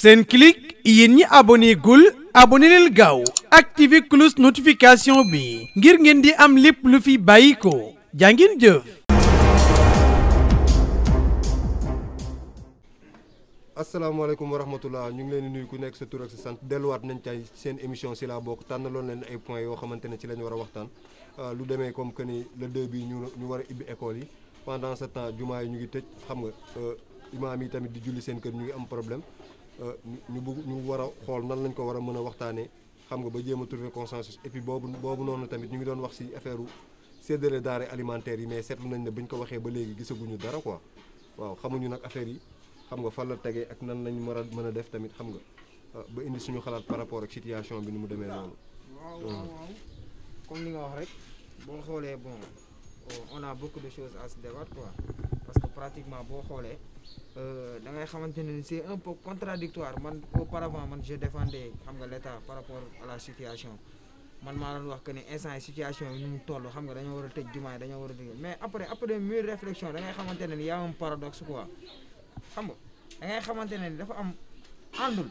seen Senclic yéen ñi abonné gul abonné leen gaaw activé cloche notification bi ngir ngeen di am lépp lu fi bàyyi ko jàngin jëf. asalaamaaleykum wa rahmatullah ñu ngi leen di nuyu ku nekk sa tur ak sa sant delluwaat nañ tey seen émission si laa bokk tànnaloon leen ay points yoo xamante ne ci lañ war a waxtaan euh, lu demee comme que ni le deux bi ñu ñu war a ibbi école yi pendant ce temps jumaa yi ñu ngi tëj xam nga euh, imaam yi tamit di julli seen kër ñu ngi am problème. ñu bëgg ñu war a xool nan lañ ko war a mën a waxtaanee xam nga ba jéem a trouver consensus boobu boobu noonu tamit ñu ngi doon wax ci affaire séddale denrées alimentaires yi mais seetlu nañ ne ñu ko waxee ba léegi gisaguñu dara ko waaw xamuñu nag affaire yi xam nga fan la tegee ak nan lañ war a mën a def tamit xam nga ah, ba indi suñu xalaat par rapport ak situation bi nu mu demee noonu. waaw comme li nga wax rek boo xoolee bon on a beaucoup de choses à se débattre quoi parce que pratiquement boo xoolee. Euh, da ngay xamante ni c'est un peu contradictoire man auparavant man je défendais xam nga l'état par rapport à la situation man maa doon wax que ne instant yi situation yi ñu toll xam nga dañoo war a tëj jumaa yi war a tëj mais après après mûre réflexion da ngay xamante ne y a un paradoxe quoi xam nga da ngay xamante ne dafa am àndul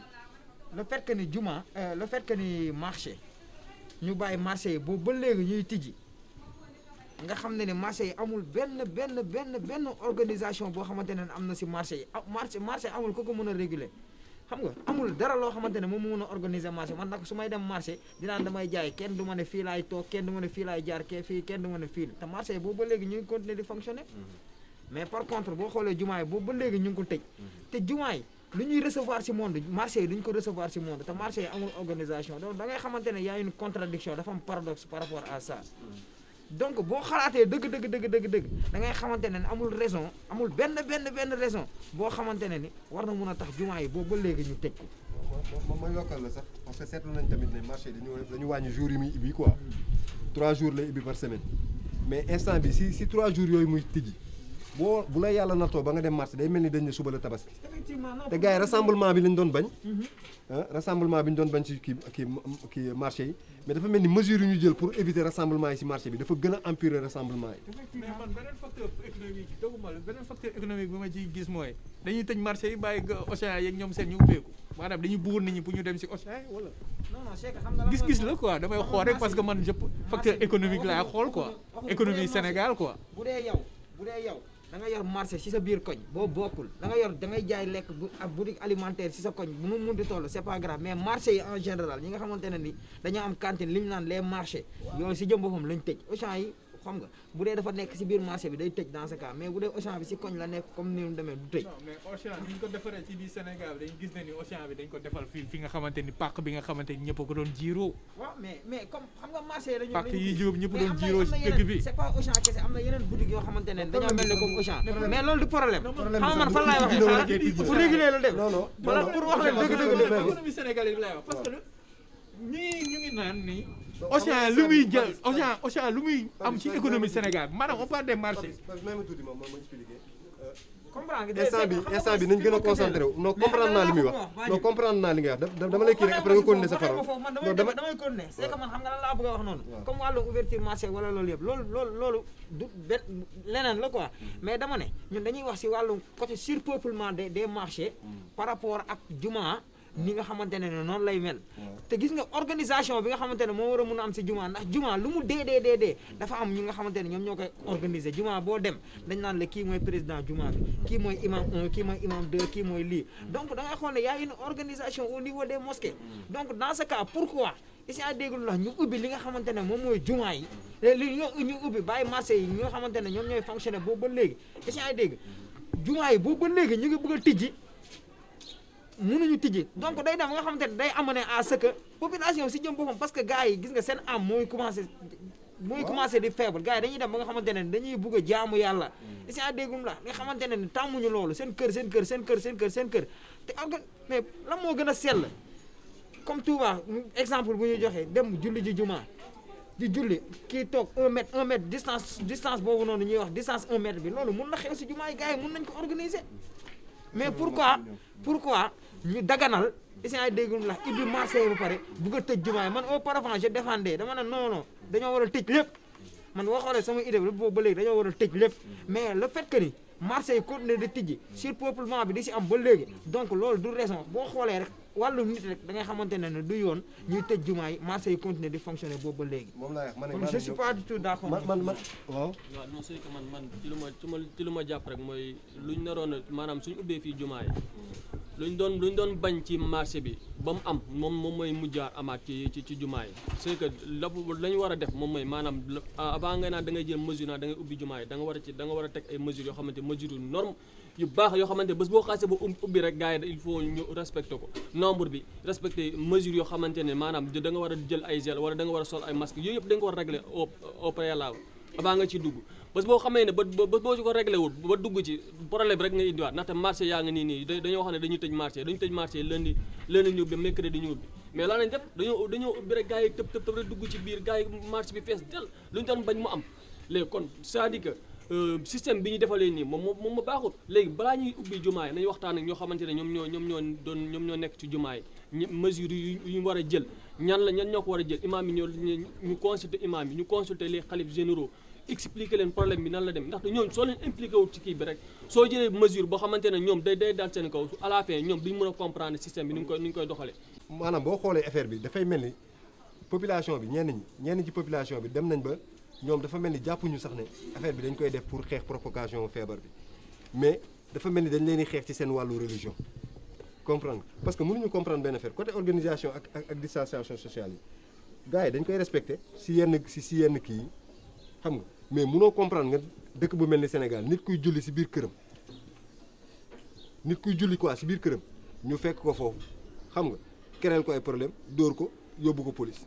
le fait que ni jumaa euh, le fait que ni marché ñu bàyyi marché yi boobu ba léegi ñuy tijji. nga xam ne ne marché yi amul benn benn benn benn organisation boo xamante ne am na si marché yi ah, marché marché amul ko mën xam nga amul dara loo xamante ne moom mu mën a organiser marché man nag su may dem marché dinaan damay kenn du ma ne fii laay kenn du ma ne fii laay jaar fii kenn du ma ne fii te marché yi boobu ba léegi mm-hmm. boo xoolee jumaa yi boobu ba léegi ñu ngi ko tëj mm-hmm. te ñuy recevoir si monde marché yi duñ ko recevoir si monde te marché amul organisation donc da ngay xamante ne y a une contradiction dafa am paradoxe par rapport à ça mm-hmm. donc boo xalaatee dëgg dëgg dëgg dëgg dëgg da ngay xamante ne amul raison amul benn benn benn raison boo xamante ne ni war na mun a tax jumaa yi boobu léegi ñu tëj ko. ma ma yokkal la sax parce que seetlu nañ tamit ne marché dañu dañu wàññi jours yi muy ibbi ko mm. trois jour lay ibbi par semaine mais instant bi si si trois jours yooyu muy tijji. boo bu la yàlla nattoo ba nga dem marché day mel ni dañ ne suba la tabaski te gars rassemblement bi lañ doon bañ mhm. ah, rassemblement bi ñu doon bañ ci kii kii kii marché yi mais dafa mel ni mesure yi ñu jël pour éviter rassemblement yi si marché bi dafa gën a empirer rassemblement yi mais man beneen facteur économique doguma la beneen facteur économique bi ma ciy gis mooy dañuy tëj marché yi bàyyi océan yeeg ñoom seen ñu ubbeeku maanaam dañuy buur nit ñi pour ñu dem si océan wala gis-gis la quoi damay xool rek parce que man jëpp facteur économique laa xool quoi économie Sénégal quoi yow bu yow da yor marché si sa biir koñ boo bokkul da yor da jaay lekk bu ak alimentaire si sa koñ bu mu mun di toll c'est pas grave mais marché yi en général ñi nga xamante ne ni dañoo am cantine li ñu naan les marchés yooyu ci jëm boppam lañ tëj Auchan yi xam nga bu dee dafa nekk si biir marché bi day tëj dans ce mais bu dee Auchan bi si koñ la nekk comme ni mu demee du tëj. non mais Auchan ni ñu bi dañ ko defal fii a ko doon jiiroo. waaw mais mais comme xam nga marché la ñu. pàq yi jiw loolu du problème xam man fan laay waxee xaaral pour réguler la def wala pour wax leen dëgg dëgg dëgg parce ñu ngi naan ni Océan lu muy jël lu muy am ci économie Sénégal maanaam on parle des marchés. Euh, comprendre nga instant bi instant nañ gën a concentré wu non comprendre naa li muy wax non comprendre dama lay kii rek après nga continuer sa parole foofu man damay damay continuer c'est man xam nga laa bëgg a wax noonu comme wàllu ouverture marché wala loolu loolu leneen la quoi mm. mais dama ne ñun dañuy wax si wàllu côté surpeuplement des des marchés mm. par rapport ak jumaa ni nga xamante ne noonu lay mel te gis nga organisation bi nga xamante ne moo war a mun a am si juma ndax juma lu mu dee dee dee dee dafa am ñi nga xamante ne ñoom ñoo koy organiser juma boo dem dañ naan la kii mooy président juma bi kii mooy kii kii mooy lii donc da ngay xool ne y a au niveau des mosquées mm. donc dans ce cas ñu ubbi li nga xamante ne moom mooy juma yi li ñu ubbi bàyyi marché yi ñi xamante ne ñoom ñooy fonctionner boobu ba léegi isi a dégg juma yi boobu ba léegi ñu ngi bëgg a tijji mënuñu tijji donc day dem nga xamante ne day amener à ce que population si jëm boppam parce que gars yi gis nga seen am mooy commencé mooy commencé di faible gars yi dañuy dem ba nga xamante ne dañuy bugg a jaamu yàlla hmm. la nga xamante ne tàmmuñu loolu seen kër seen seen kër seen kër seen kër te ak mais lan moo gën a sell comme Touba exemple bu ñu joxee dem julli ji di julli kii toog un mètre un mètre distance distance boobu noonu ñuy wax distance un bi loolu mun na xew si jumaa yi gars yi mun nañ ko organiser mais pourquoi pourquoi ñu daganal essayé déggul ndax ibbi marché ba pare bëgg a tëj jumaa yi man auparavant je défendais dama ne non non dañoo war a tëj lépp man boo xoolee sama idée bi boobu ba léegi dañoo war a tëj lépp mais le fait que ni marché yi continuer di tijji surpeuplement bi di si am ba léegi donc loolu du raison boo xoolee rek wallu nit rek da ngay xamante ne ne du yoon ñuy tëj jumaa yi marché yi continuer di fonctionner boobu ba léegi. moom laa wax man je suis pas du tout man man lu ma ci lu ma jàpp rek mooy luñ naroon maanaam suñu ubbee fii jumaa yi. luñ doon luñ doon bañ ci marché bi ba mu am moom moom mooy mujjaar amaat ci ci ci jumaa yi c'est que lépp la ñu war a def moom mooy maanaam avant nga naan da ngay jël mesure naa da ngay ubbi jumaa yi da nga war a ci a teg ay mesures yoo xamante mesure yu norme yu baax yoo xamante bés boo xaasee ba um, ubbi rek gars yi il faut ñu respecté ko nombre bi respecté mesures yoo xamante ne maanaam da nga war a jël ay gel wala da nga war a sol ay masque yooyu yëpp da nga ko war a régler avant nga ci dugg bés boo xamee ne ba ba boo ci ko réglé wul ba dugg ci problème rek nga indiwaat ndaxte marché yaa nga nii nii dañoo xam ne dañuy tëj marché dañu tëj marché lundi lundi ñu ubbi mercredi ñu ubbi mais lan lañ def dañoo ubbi rek gars yi tëb tëb tëb dugg ci biir gars yi marché bi fees del lu ñu doon bañ mu am léegi kon c'est-à-dire euh, bi ñu defalee nii moom moom ma baaxul léegi balaa ñuy ubbi jumaa yi nañu waxtaan ak ñoo xamante ne ñoom ñoo ñoom ñoo doon ñoom ñoo nekk ci jumaa yi mesures yu yu ñu war a jël ñan la ñan ñoo ko war a jël imaam yi ñoo ñu consulter imaam yi ñu consulter les xalif généraux expliquer leen problème bi nan la dem ndax ñoom soo leen impliqué wu ci kii bi rek soo jëlee mesure boo xamante ne ñoom day day dal seen kaw à la fin ñoom duñ mën a comprendre système bi ni ñu koy ni ñu koy doxalee. maanaam boo xoolee affaire bi dafay mel ni population bi ñeen ñi ñenn ci population bi dem nañ ba ñoom dafa mel ni jàppuñu sax ne affaire bi dañ koy def pour xeex propagation feebar bi mais dafa mel ni dañ leen di xeex ci seen wàllu religion. comprendre parce que mënuñu comprendre benn affaire côté organisation ak ak ak distanciation sociale yi gars yi dañ koy respecté si yenn si si yenn kii xam nga mais mënoo comprendre nga dëkk bu mel ni Sénégal nit kuy julli si biir këram nit kuy julli quoi si biir këram ñu fekk ko foofu xam nga kereel ko ay problème dóor ko yóbbu ko police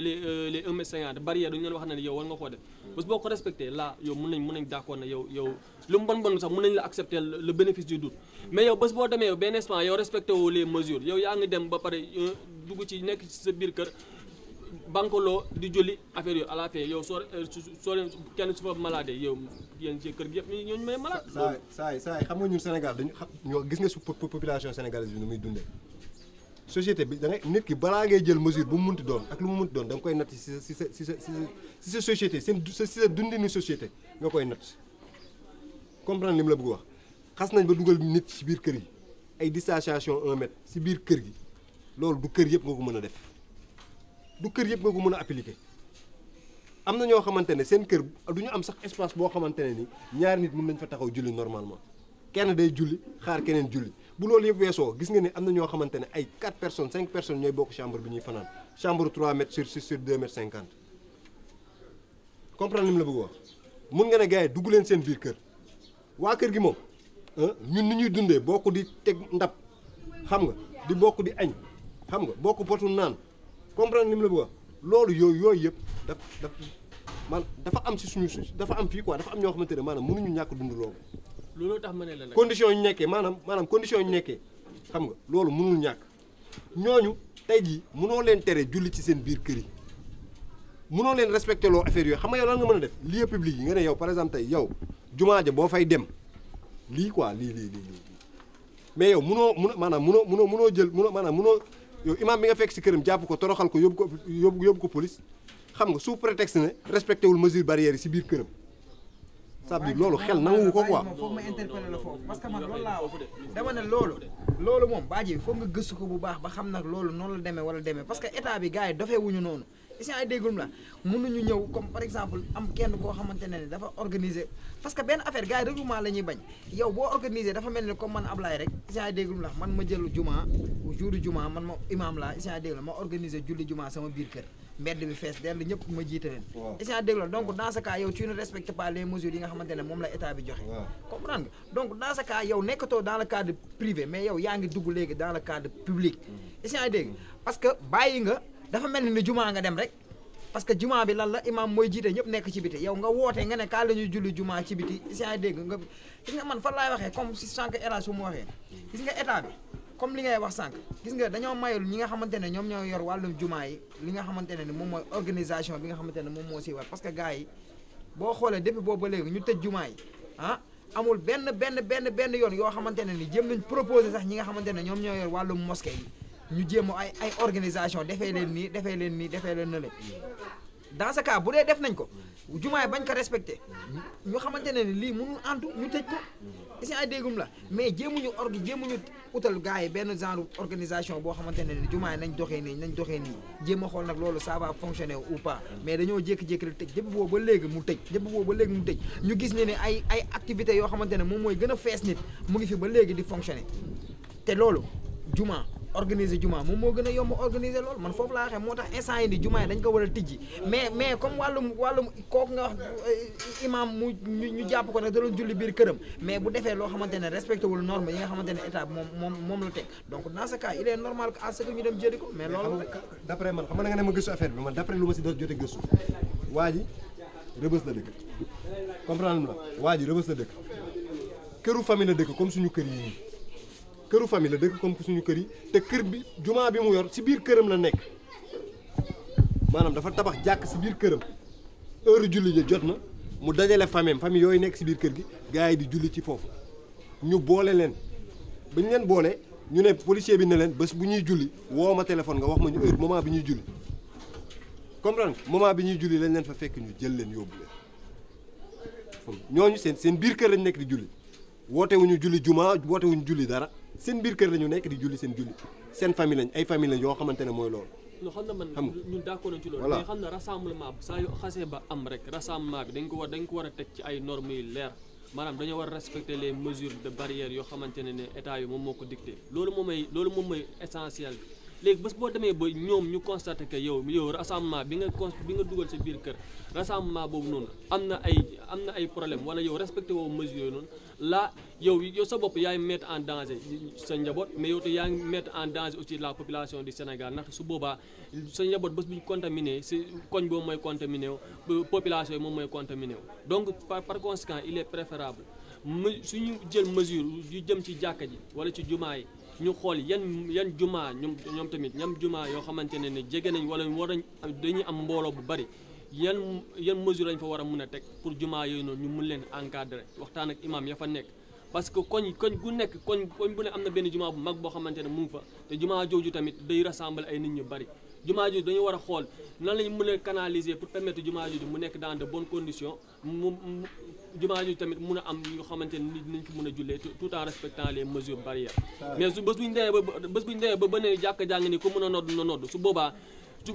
les euh, les 1 mètre 50 barrière dañu leen wax ne yow war nga koo def bés boo ko respecté là yow mun nañ mun nañ d'accord ne yow yow lu mu bon sax mun nañ la accepter le bénéfice du doute mais yow bés boo demee yow benn instant yow respecté woo les mesures yow yaa ngi dem ba pare euh, dugg ci nekk ci sa biir kër bankoloo di julli affaire yooyu à la fin yow soo euh, soo kenn su fa malade yow yéen ci kër gi yëpp ñu ñu may malade. saa yi saa yi ñun Sénégal dañu xam ñoo gis nga su population sénégalaise bi nu muy dundee. société bi da ngay nit ki balaa ngay jël mesure bu mu munti doon ak lu mu munti doon da koy natt si sa si sa si sa si sa société seen si sa dundinu société nga koy natt comprendre li mu la bëgg wax xas nañ ba dugal nit ci biir kër yi ay distanciation un mètre si biir kër gi loolu du kër yëpp nga ko mën a def du kër yëpp nga ko mën a appliquer am na ñoo xamante ne seen kër du ñu am sax espace boo xamante ne ni ñaari nit mën nañ fa taxaw julli normalement kenn day julli xaar keneen julli bu loolu yëpp weesoo gis nga ni am na ñoo xamante ne ay 4 personnes 5 ñooy bokk chambre bi ñuy fanaan chambre 3 mètres sur 6 sur 2 mètres 50 comprendre la bëgg wax mun nga ne gars dugg leen seen biir kër waa kër gi moom ah, ñun ni ñuy dundee bokk di teg ndab xam nga di bokk di añ xam nga bokk potu naan comprendre li mu la bëgg wax loolu yooyu yooyu yëpp daf daf man dafa am si suñu dafa am fii quoi dafa am ñoo xamante ne maanaam mënuñu ñàkk dund loolu looloo tax ma ne la nag condition yi nekkee maanaam maanaam condition yi ñu nekkee xam nga loolu mënul ñàkk ñooñu tey jii mënoo leen tere julli ci seen biir kër yi mënoo leen respecté loo affaire yooyu xam nga yow lan nga mën a def lieu public yi nga ne yow par exemple tey yow jumaa ja boo fay dem lii quoi lii lii lii lii mais yow mënoo mën maanaam mënoo mënoo mënoo jël mënoo maanaam mënoo yow imaam bi nga fekk si këram jàpp ko toroxal ko yóbbu ko yóbbu ko police xam nga sous prétexte ne respecté wul mesure barrière yi si këram cest à loolu xel nanguwu ko quoi. foog ma interpeller la foofu parce que man loolu laa wax dama ne loolu. loolu moom baaji foog nga gëstu ko bu baax ba xam nag loolu noonu la demee wala deme parce que état bi gars yi dofee wuñu noonu est-ce que ay déggum la mënuñu ñëw comme par exemple am kenn koo xamante ne dafa organiser parce que benn affaire gars yi regroupement la ñuy bañ yow boo organiser dafa mel ni comme man Ablaye rek est-ce que ay déggum la man ma jël juma jour juma man ma imaam la est ay dégg la ma organiser julli juma sama biir kër mbedd bi fees ma jiite leen est-ce que ay dégg la donc dans ce cas yow ne les mesures yi nga xamante ne moom la état bi joxe comprendre nga donc dans ce cas yow nekkatoo dans le cadre privé mais yow yaa ngi dugg léegi dans le cadre public mm-hmm. est-ce que ay dégg nga dafa mel ni jumaa nga dem rek parce que jumaa bi lan la imaam mooy jiite ñëpp nekk ci biti yow nga woote nga ne kaa la ñuy julli jumaa ci biti si ay dégg nga gis man fan laay waxee comme si sànq El Hadj mu waxee gis nga état bi comme li ngay wax sànq gis nga dañoo mayul ñi nga xamante ne ñoom ñoo yor wàllum jumaa yi li nga xamante ne ni moom mooy bi nga xamante ne moom moo si war parce que gars yi boo xoolee depuis boobu ba léegi ñu tëj jumaa yi ah amul benn benn benn benn yoon yoo xamante ne ni jëm nañ proposé sax ñi nga xamante ne ñoom ñoo yor wàllum ñu jéem ay ay organisation defee leen nii defee leen nii defee leen na dans ce cas bu dee def nañ ko jumaay bañ ko respecté ñu xamante ne lii mënul antu ñu tëj ko si ay déggum la mais ñu jéemuñu orgi ñu utal gars yi benn genre organisation boo xamante ne ni jumaay nañ doxee nii nañ doxee nii jéem a xool nag loolu ça va fonctionner ou mais dañoo jékki-jékki rek tëj jëpp boobu ba léegi mu tëj jëpp boobu ba léegi mu tëj ñu gis ne ni ay ay activités yoo xamante ne moom mooy gën a fees ni mu ngi fi ba léegi di fonctionner te loolu juma organiser jumaa moom moo gën a yomb organiser loolu man foofu laa waxee moo tax instant yi ni jumaa yi dañ ko war a tijji mais mais comme wàllum wàllum kooku nga wax euh, imam mu ñu jàpp ko nag da doon julli biir këram mais bu defee loo xamante ne respecté wul norme yi nga xamante ne état moom moom moom la teg donc dans ce cas il normal que à ce ñu dem jëli ko mais loolu d' man xam nga ne ma gëstu affaire bi man d' lu ma si doon jotee gëstu waa ji rëbës la dëkk comprendre la waa ji comme suñu kër yi këru famille la dëkk comme suñu kër yi te kër bi jumaa bi mu yor si biir këram la nekk maanaam dafa tabax jàkk si biir këram heure julli jot na mu dajale famille famille yooyu nekk si biir kër gi gars yi di julli ci foofu ñu boole leen ba leen boole ñu ne bi ne leen bés bu ñuy julli woo ma téléphone nga wax ma moment bi ñuy julli comprendre moment bi ñuy julli lañ leen fa fekk ñu jël leen yóbbu leen ñooñu seen seen biir kër lañ nekk di julli woote wuñu julli jumaa woote julli dara seen biir kër la ñu nekk di julli seen julli seen famille lañ ay famille yoo xamante ne mooy loolu. ñu xam na man ñun d'accord nañ ci loolu. xam na rassemblement saa yu am rek rassemblement bi dañ ko war dañ ko war a teg ci ay normes yu leer maanaam dañoo war a respecter les mesures de barrière yoo xamante ne ne état yi moom moo ko dicté loolu moom mooy loolu moom mooy essentiel bi léegi bés boo demee ba ñoom ñu constaté que yow yow rassemblement bi nga con bi nga dugal sa biir kër rassemblement boobu noonu am na ay am na ay problème wala yow respecté woo mesure yooyu la yow yow sa bopp yaa yaay mettre en danger sa njaboot mais yow te yaa ngi mettre en danger aussi la population du Sénégal ndax su boobaa sa njaboot bés bu ñu contaminé si koñ boo mooy contaminé wu population yi moom mooy contaminé wu donc par conséquent il est préférable suñu jël mesure yu jëm ci jàkka ji wala ci jumaa yi ñu xool yan yan jumaa ñoom ñoom tamit ñam jumaa yoo xamante ne ne jege nañ wala war nañ dañuy am mbooloo bu bari yan yan mesure lañ fa war a mun a teg pour jumaa yooyu noonu ñu mun leen encadrer waxtaan ak imaam ya fa nekk. parce que koñ koñ gu nekk koñ koñ bu ne am na benn jumaa bu mag boo xamante ne mu fa te jumaa jooju tamit day rassembler ay nit ñu bari. jumaa jooju dañu war a xool nan lañ mun a canaliser pour permettre jumaa jooju mu nekk dans de bonnes conditions mu jumaa ji tamit mun a am yoo xamante ni dinañ fi mun a jullee tout en respectant les mesures barrières mais su bés bu ñu demee ba bés bu ñu ne jàkk jàng ni ku mun a nodd na nodd su boobaa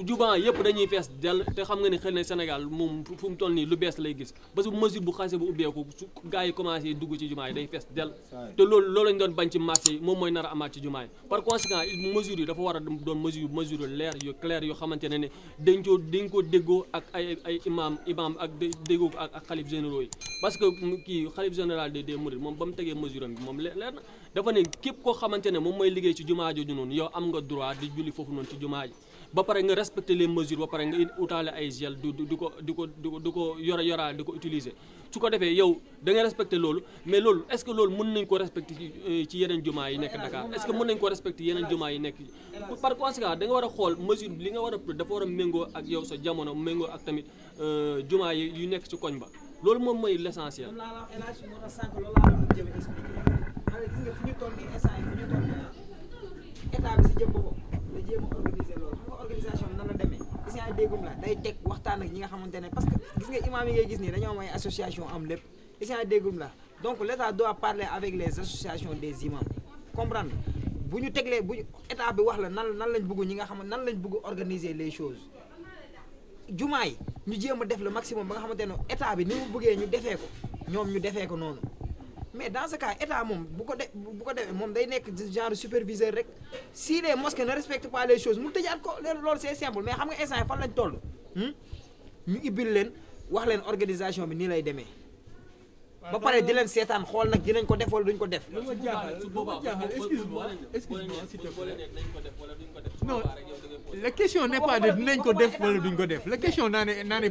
juban yëpp dañuy fees dell te xam nga ne xel ne Sénégal moom fu mu toll nii lu bees lay gis parce que mesure bu xase bu ubbeeku su gars yi commencé dugg ci jumaa yi day fees dell te loolu loolu lañ doon bañ ci marché yi moom mooy nar a amaat ci jumaa yi par a doon mesure mesure leer yu yoo xamante ne ne dañ koo dañ ko déggoo ak ay ay imam imam ak déggoo ak ak xalif généraux yi parce que kii xalif général de des mourides moom ba mu tegee mesure am bi moom leer na dafa ne képp koo xamante ne moom mooy liggéey ci jumaa jooju noonu yow am nga droit di julli foofu noonu ci jumaa ji ba pare nga respecter les mesures ba pare nga utaale ay gel du du ko di ko di ko di ko yore yoraa di ko utiliser su ko defee yow da nga respecter loolu mais loolu est-ce que loolu mën nañ ko respecter ci euh, yeneen jumaa yi nekk Dakar est-ce que mën nañ ko respecter yeneen jumaa yi nekk par conséquent da war a xool mesure li nga war a dafa war a méngoo ak yow sa jamono méngoo ak tamit euh, jumaa yi yu nekk ci koñ ba loolu moom mooy l'essentiel état bi si jëm boppam déggum la day teg waxtaan ak ñi nga xamante ne parce que gis nga imaam yi ngay gis nii dañoo may association am lépp isient déggum la donc l' état doit parler avec les associations des imams comprendre bu ñu teglee bu ñu état bi wax la nan nan lañ bëgg ñi nga xam nan lañ bëgg organiser les choses jumaa yi ñu jéem a def le maximum ba nga xamante ne état bi ni mu bëggee ñu defee ko ñoom ñu defee ko noonu mais dans ce cas état moom bu ko de ko defee moom day nekk genre superviseur rek si les mosquées ne respectent pas les choses mu tëjaat ko loolu c'est simple mais xam nga instant fan lañ toll hmm? ñu ibbil leen wax leen organisation bi nii lay demee. ba pare di leen seetaan xool nag dinañ ko def wala ko def. lu ma jaaxal lu ma jaaxal excuse-moi excuse-moi s'il te plaît non la question ko def wala duñ ko def la question naa ne naa ne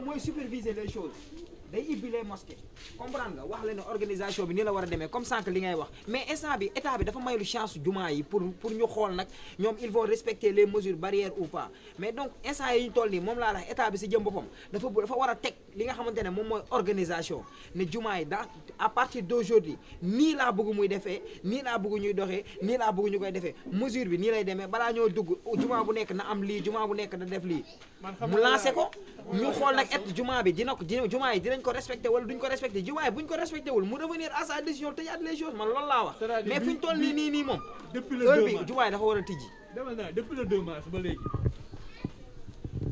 mooy superviser les choses. day ibbi les mosquées nga wax la ne organisation bi nii la war a demee comme sànq li ngay wax mais instant bi état bi dafa maylu chance jumaa yi pour pour ñu xool nag ñoom ils vont respecter les mesures barrières ou pas mais donc instant yi ñu toll nii moom laa tax état bi si jëm boppam dafa dafa war a teg li nga xamante ne moom mooy organisation ne jumaa yi dans à partir d'aujourd'hui nii laa bëgg muy defee nii laa bëgg ñuy doxee nii laa bëgg ñu koy defee mesure bi nii lay demee balaa ñëw dugg jumaa bu nekk na am lii jumaa bu nekk na def lii mu lancé ko ñu xool nag et jumaa bi dina ko jumaa yi ko respecté wala duñ ko respecté jumaa yi buñ ko respecté wul mu revenir à sa décision tëjaat les choses man loolu laa wax mais fi ñu toll nii nii nii moom heure jumaa dafa war a tijji depuis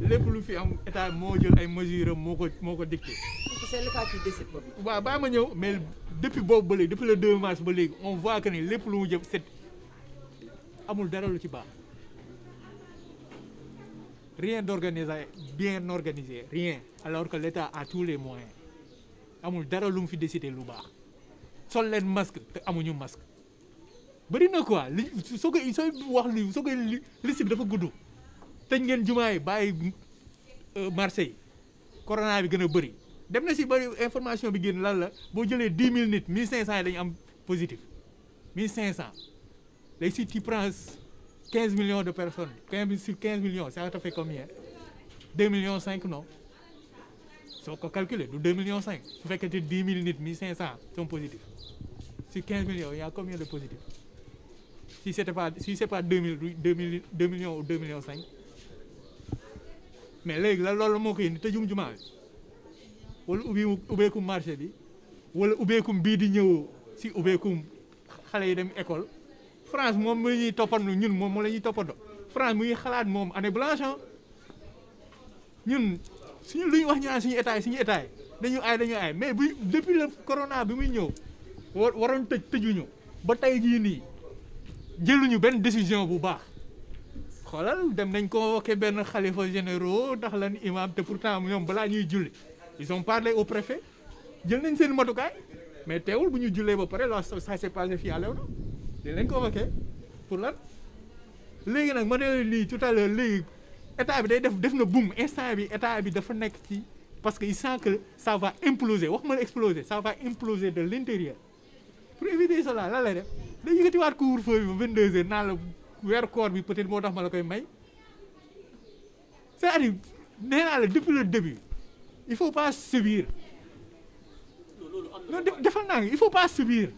lépp lu fi am état moo jël ay mesures moo ko moo ko dicté. parce que c'est l'État waaw baa ma ñëw mais depuis boobu ba léegi depuis le 2 mars ba léegi on voit que ni lépp lu mu jëm set amul dara lu ci baax rien d'organisé bien organisé rien alors que l'État a tous les moyens amul dara lu mu fi décidé lu baax sol leen masque te amuñu masque bëri na quoi li soo koy soo wax li soo koy li liste bi dafa gudd. dañ ngeen jumaa yi bàyyi euh, marché yi corona bi gën a bëri dem na si bëri information bi génn lan la boo jëlee dix mille nit mille cinq cent yi dañu am positif mille cinq cent léegi si tu prends quinze millions de personnes quinze sur quinze millions ça te fait combien deux millions cinq non soo ko calculer du deux millions su fekkee te dix mille cent sont positifs sur millions il combien de positifs si c'était pas si c'est pas deux millions ou deux millions cinq mais léegi la loolu moo ko indi tëjum jumaa bi wala ubbi ubbeekum marché bi wala ubbeekum bii di ñëw si ubbeekum xale yi dem école France moom mu ñuy toppandoo ñun moom moo la ñuy toppandoo France mu ngi xalaat moom année blanche ah. ñun suñu lu ñu wax ñu naan suñu état yi suñu état yi dañu aay dañu aay mais bu depuis le corona bi muy ñëw waroon tëj tëjuñu ba tey jii nii jëluñu benn décision bu baax. xoolal dem nañ convoqué benn xalifa généraux ndax lan imam te pourtant ñoom balaa ñuy julli ils ont parlé au préfet jël nañ seen matukaay mais teewul bu ñu jullee ba pare la ça s'est passé fii à Léona dañ leen convoqué pour lan léegi nag ma ne lii tout à l'heure léegi état bi day def def na buum instant bi état bi dafa nekk ci parce que il sent que ça va imploser wax ma la exploser ça va imploser de l'intérieur pour éviter cela lan lay def day yëkkatiwaat couvre weer koor bi peut-être moo tax ma la koy may c'est-à-dire nee naa la depuis le début il faut pas subir non defal naa ngi il faut pas subir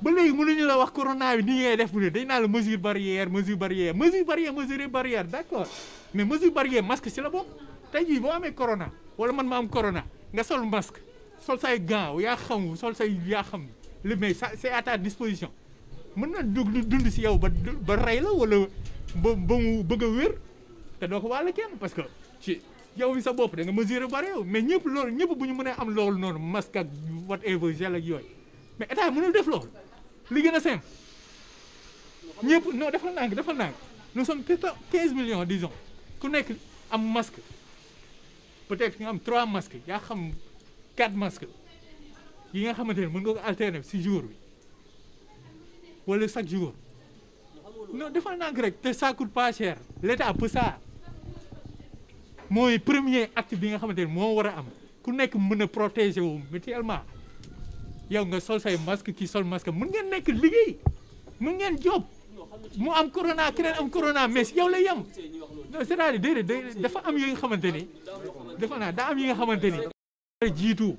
ba léegi mënuñu la wax corona bi ni ngay def bu ne dañ naa la mesure barrière mesure barrière mesure barrière mesure barrière d'accord mais mesure barrière masque si la bokk tey jii boo amee corona wala man ma am corona nga sol masque sol say gants yaa xam sol say yaa xam li mais c'est à ta disposition mën na dugg dund si yow ba ba rey la wala ba ba mu bëgg a wér te doo ko wàll kenn parce que ci yow mi sa bopp da nga mesurer bu bare mais ñëpp loolu ñëpp bu ñu mënee am loolu noonu masque ak whatever gel ak yooyu mais état mënul def loolu li gën a simple ñëpp non dafa nang dafa nang nu sommes peut-être 15 millions disons ku nekk am masque peut-être nga am 3 masques yaa xam 4 masques yi nga xamante ne mën nga ko alterner si jour bi. wala chaque jour non dafa nang rek te ça coûte pas cher l'état peut mooy premier acte bi nga xamante ne moo war a am ku nekk mën a protéger wu mutuellement yow nga sol say masque kii sol masque mën ngeen nekk liggéey mën ngeen job mu am corona keneen am corona mais yow lay yem non c'est-à-dire déedéet dafa am yi nga xamante ni dafa naa daa am yi nga xamante ni jiitu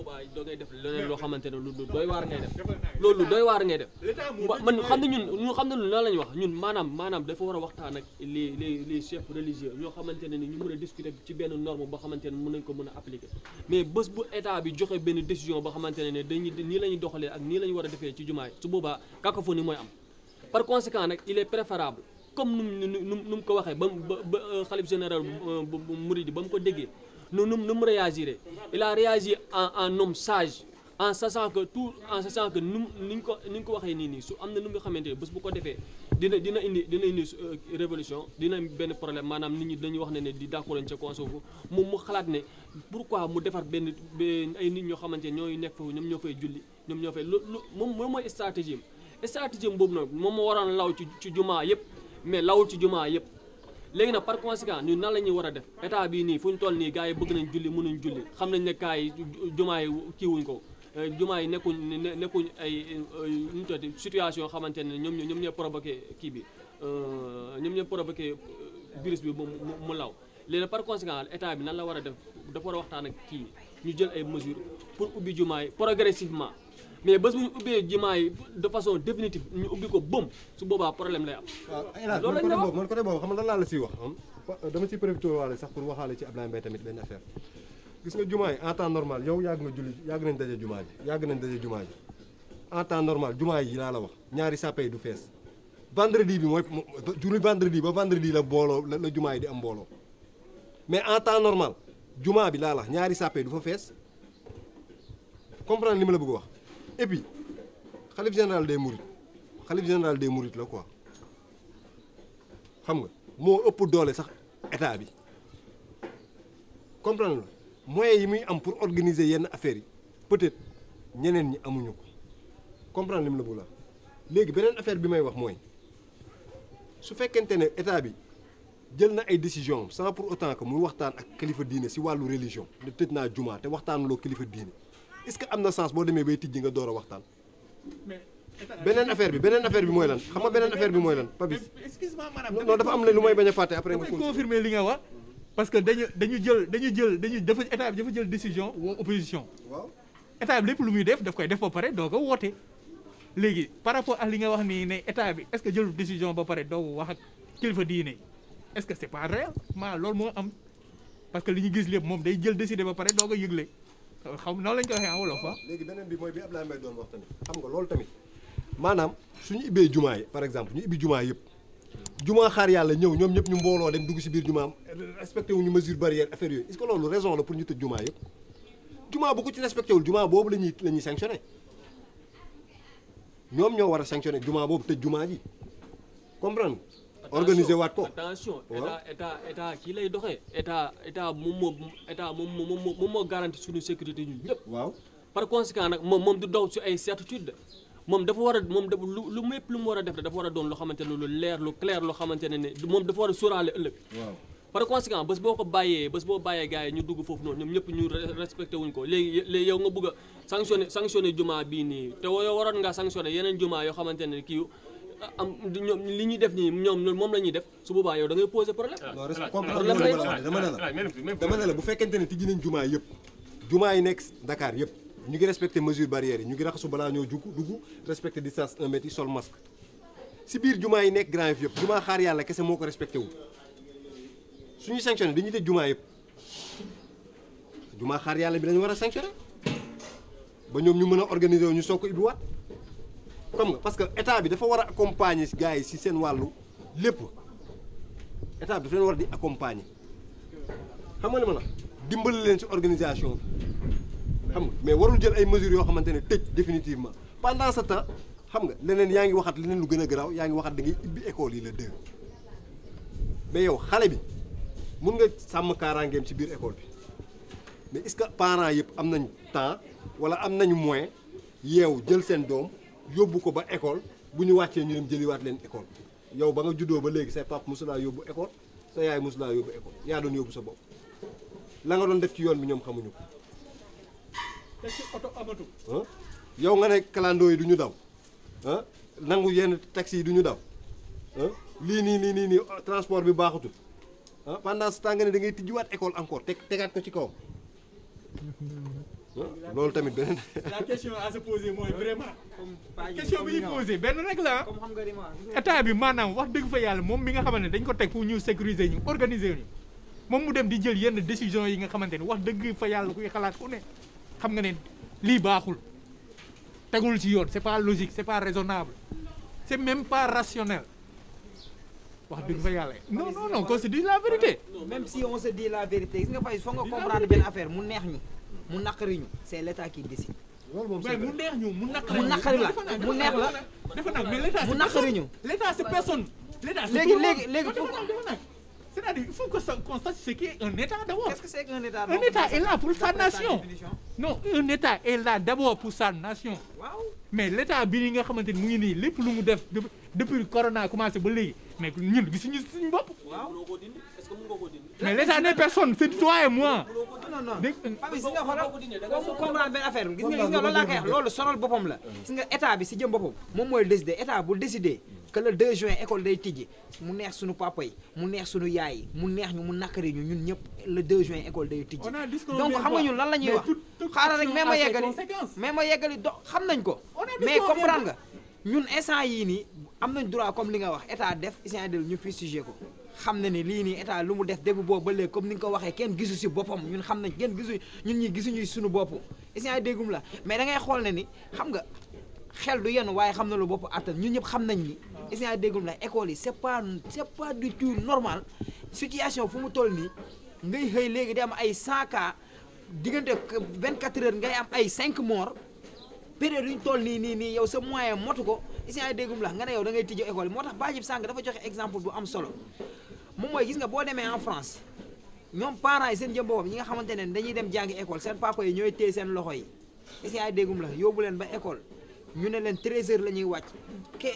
boobaa doo ngay def leneen loo xamante ne lu doy waar ngay def loolu doy waar ngay def man xam ne ñun ñu xam ne ñun lan la ñuy wax ñun maanaam maanaam dafa war a waxtaan ak li les les chefs religieux ñoo xamante ne ni ñu mën a discuter ci benn norme boo xamante ne mën nañ ko mën a appliquer mais bés bu état bi joxe benn décision boo xamante ne ne dañuy nii la ñuy doxalee ak nii la war a defee ci jumaay su boobaa cacophonie mooy am par conséquent nag il est préférable comme nu mu nu mu ko waxee ba ba euh, xalif général euh, bu Mouride ba mu ko déggee nu nu nu mu réagir il a réagi en en homme sage en sachant que tout en sachant que nu ni ñu ko ni ñu ko waxee nii nii su am na nu mu xamante ne bés bu ko defee dina dina indi dina indi euh, révolution dina benn problème maanaam nit ñi dañuy wax ne ne di d'accord ca conseil bu moom mu xalaat ne pourquoi mu defar benn ay nit ñoo xamante ne ñooy nekk foofu ñoom ñoo fay julli ñoom ñoo fay lu lu moom mooy stratégie am stratégie am boobu nag moom moo waroon law ci ci jumaa yëpp mais lawul ci jumaa yëpp. léegi nag par conséquent ñun nan la ñuy war a def état bii nii fu ñu toll nii gars yi bëgg nañ julli mënuñ julli xam nañ ne kaa yi jumaa yi kiiwuñ ko euh, jumaa yi nekkuñ nekkuñ ay ñu euh, toti situation xamante ne ñoom ñoom ñoo provoqué kii bi euh, ñoom ñoo provoqué virus bi mu mu law léegi par conséquent état bi nan la war a def dafa war a waxtaan ak kii ñu jël ay mesures pour ubbi jumaa yi progressivement mais bés bu ñu ubbee jumaa yi de façon définitive ñu ubbi ko bëm su boobaa problème lay am. Ah, eh, loolu la xam nga lan laa la siy wax. dama siy profité waale sax pour waxaale ci Ablaye Mbaye tamit benn affaire gis nga jumaa yi en temps yow yàgg nga julli yàgg nañ daje jumaa ji nañ daje jumaa en temps normal yi laa la wax ñaari sàppe yi du fees vendredi bi mooy julli vendredi ba vendredi la booloo la jumaa di am mbooloo mais en temps normal jumaa bi laa la ñaari sàppe yi du fa fees comprendre li ma la bëgg wax. et puis xalif général des mourides xalif général des mourides la quoi xam nga moo ëpp doole sax état bi comprendre la moyens yi muy am pour organiser yenn affaires yi peut-être ñeneen ñi amuñu ko comprendre lim la bu la léegi beneen affaire bi may wax mooy su fekkente ne état bi jël na ay décision sans pour autant que mu waxtaan ak kilifa diine si wàllu religion te tëj naa jumaa te waxtaanuloo kilifa diine est-ce que am na sens boo demee bay tijji nga door a waxtaan. beneen affaire bi beneen affaire bi mooy lan xam nga beneen affaire bi mooy lan. Papis excuse-moi maanaam non dafa am lu may bañ a fàtte après. nga confirmer li nga wax parce que dañu dañu jël dañu jël dañu dafa état bi dafa jël décision woo opposition. waaw état bi lépp lu muy def daf koy def ba pare doog woote. léegi par rapport ak li nga wax nii ne état bi et ce que jël décision ba pare doog wax ak kilifa diine est-ce que loolu moo am parce que li ñu gis lépp moom day jël décider ba pare doog a yëgle. xaw ma noonu lañ koy waxee en wolof ah. léegi beneen bi mooy bi Abdoulaye Mbaye doon wax tamit xam nga loolu tamit maanaam suñu ibbee jumaa yi par exemple ñu ibbi jumaa yëpp jumaa xaar yàlla ñëw ñoom ñëpp ñu mbooloo dem dugg si biir jumaam respecté wuñu mesure barrière affaire yooyu est-ce loolu raison la pour ñu tëj jumaa yëpp jumaa bu ko ci respecté wul jumaa boobu la ñuy la ñuy sanctionné ñoom ñoo war a sanctionné jumaa boobu tëj jumaa ji comprendre organiser waat ko attention état état kii lay doxee état état mu moo état moom moo moom moo garanti suñu sécurité ñun ñëpp waaw par conséquent nag moom moom du si ay certitude moom dafa war a moom dafa lu lu mépp lu mu war a def dafa war a doon loo xamante ne lu leer lu clair loo xamante ne ne moom dafa war a sóoraale ëllëg waaw par bés boo ko bàyyee bés boo bàyyee gars yi ñu dugg foofu noonu ñoom ñëpp ñu respecté wuñ ko léegi léegi yow nga bëgg a sanctionné sanctionné jumaa bii nii te yow waroon nga sanctionné yeneen jumaa yoo xamante ne kii am ñoom li ñuy def nii ñoom moom la ñuy def su boobaa yow da ngay poser problème. Ah, problème dama ne la ah, dama ne bu fekkente ne tijji nañ jumaa yëpp jumaa yi nekk Dakar yëpp ñu ngi respecté mesure barrière yi ñu ngi raxasu balaa ñoo jug dugg respecté di 1 mètre yi sol masque si biir jumaa yi nekk Grand Yoff yëpp jumaa xaar yàlla kese moo ko respecté wu suñuy sanctionné ñu tëj jumaa yëpp jumaa xaar yàlla bi dañu war a sanctionné ba ñoom ñu mën a organise wu ñu soog ko ibbiwaat xam nga parce que état bi dafa war a accompagner gars yi si seen wàllu lépp état bi dafa leen war di accompagner xam nga li ma la dimbali leen si organisation xam nga mais warul jël ay mesures yoo xamante ne tëj définitivement pendant ce temps xam nga leneen yaa ngi waxat leneen lu gën a garaaw yaa ngi waxat da ngay ibbi école yi la dégg mais yow xale bi mun nga sàmm kaaraangeem ci biir école bi mais est-ce que parents yëpp am nañ temps wala am nañu moyen yeew jël seen doom. yóbbu ko ba école bu ñu wàccee ñu dem jëliwaat leen école yow ba nga juddoo ba léegi sa pap mosulaa yóbbu école sa yaay mosulaa yóbbu école yaa yóbbu sa bopp la nga doon def ci yoon bi ñoom xamuñu oto amatu. yow nga ne kalandoo yi du ñu daw ah nangu yenn taxi yi du ñu daw lii nii nii nii nii transport bi baaxutul ah pendant ce ne da ngay tijjiwaat école encore te tegaat ko ci kawam. Ah, loolu tamit beneen. la question à se poser mooy vraiment. question bi ñu posé benn rek la état bi maanaam wax dëgg fa yàlla moom mi nga xamante ne dañ ko teg pour ñu sécuriser ñu organiser ñu moom mu dem di jël yenn décision yi nga xamante ni wax dëgg fa yàlla kuy xalaat ku ne xam nga ne lii baaxul tegul ci yoon c'est pas logique c'est pas raisonnable c'est même pas rationnel. wax dëgg fa yàlla non non non qu'on se dise la la vérité gis nga fay foog affaire mu neex ñi. mu naqari ñu c'est l'état qui décide. loolu moom c'est vrai mu neex ñu mu naqari. ñu. l'état c'est personne. l'état c'est léegi léegi léegi c'est-à-dire il un état d'abord. Un état est pour sa nation. Non, un état est là pour sa nation. mais l'état bi ni nga xamante ni mu ngi nii lépp lu mu def depuis corona commencé ba léegi mais ñun gisuñu suñu bopp. Mais l'état n'est personne, c'est toi et moi. non non Papis gis nga loolu laa koy wax loolu sonal boppam la gis nga état bi si jëm boppam moom mooy décider état bu décider que le 2 juin école day tijji mu neex suñu papa mu neex suñu yaay yi mu neex ñu mu nàkkari ñu ñun ñëpp le 2 juin école day tijji donc xam nga ñun lan la ñuy wax xaaral rek mais ma yeggali mais ma yeggali do xam nañ ko mais comprendre nga ñun instant yii nii am nañ droit comme li nga wax état def instant del ñu fii ko xam na ni lii nii état lu mu def début boobu ba léegi comme ni nga ko waxee kenn gisu si boppam ñun xam nañ kenn gisu ñun ñi gisuñu suñu bopp is naa déggum la mais da xool ne ni xam nga xel du yenn waaye xam na lu bopp attan ñun ñëpp xam nañ ni is naa déggum école yi c'est pas c'est du tout normal situation fu mu toll nii ngay léegi di am ay 100 cas diggante 24 heures ngay am ay 5 morts période yu ñu toll nii nii nii yow sa moyen motu ko is naa déggum la nga ne yow da ngay tijji école moo tax Bajib Sàng dafa joxe exemple bu am solo moom mooy gis nga boo demee en France ñoom parents yi seen jëm boppam ñi nga xamante ne dañuy dem jàngi école seen papa yi ñooy téye seen loxo yi est-ce déggum la yóbbu leen ba école ñu ne leen 13h la ñuy wàcc ke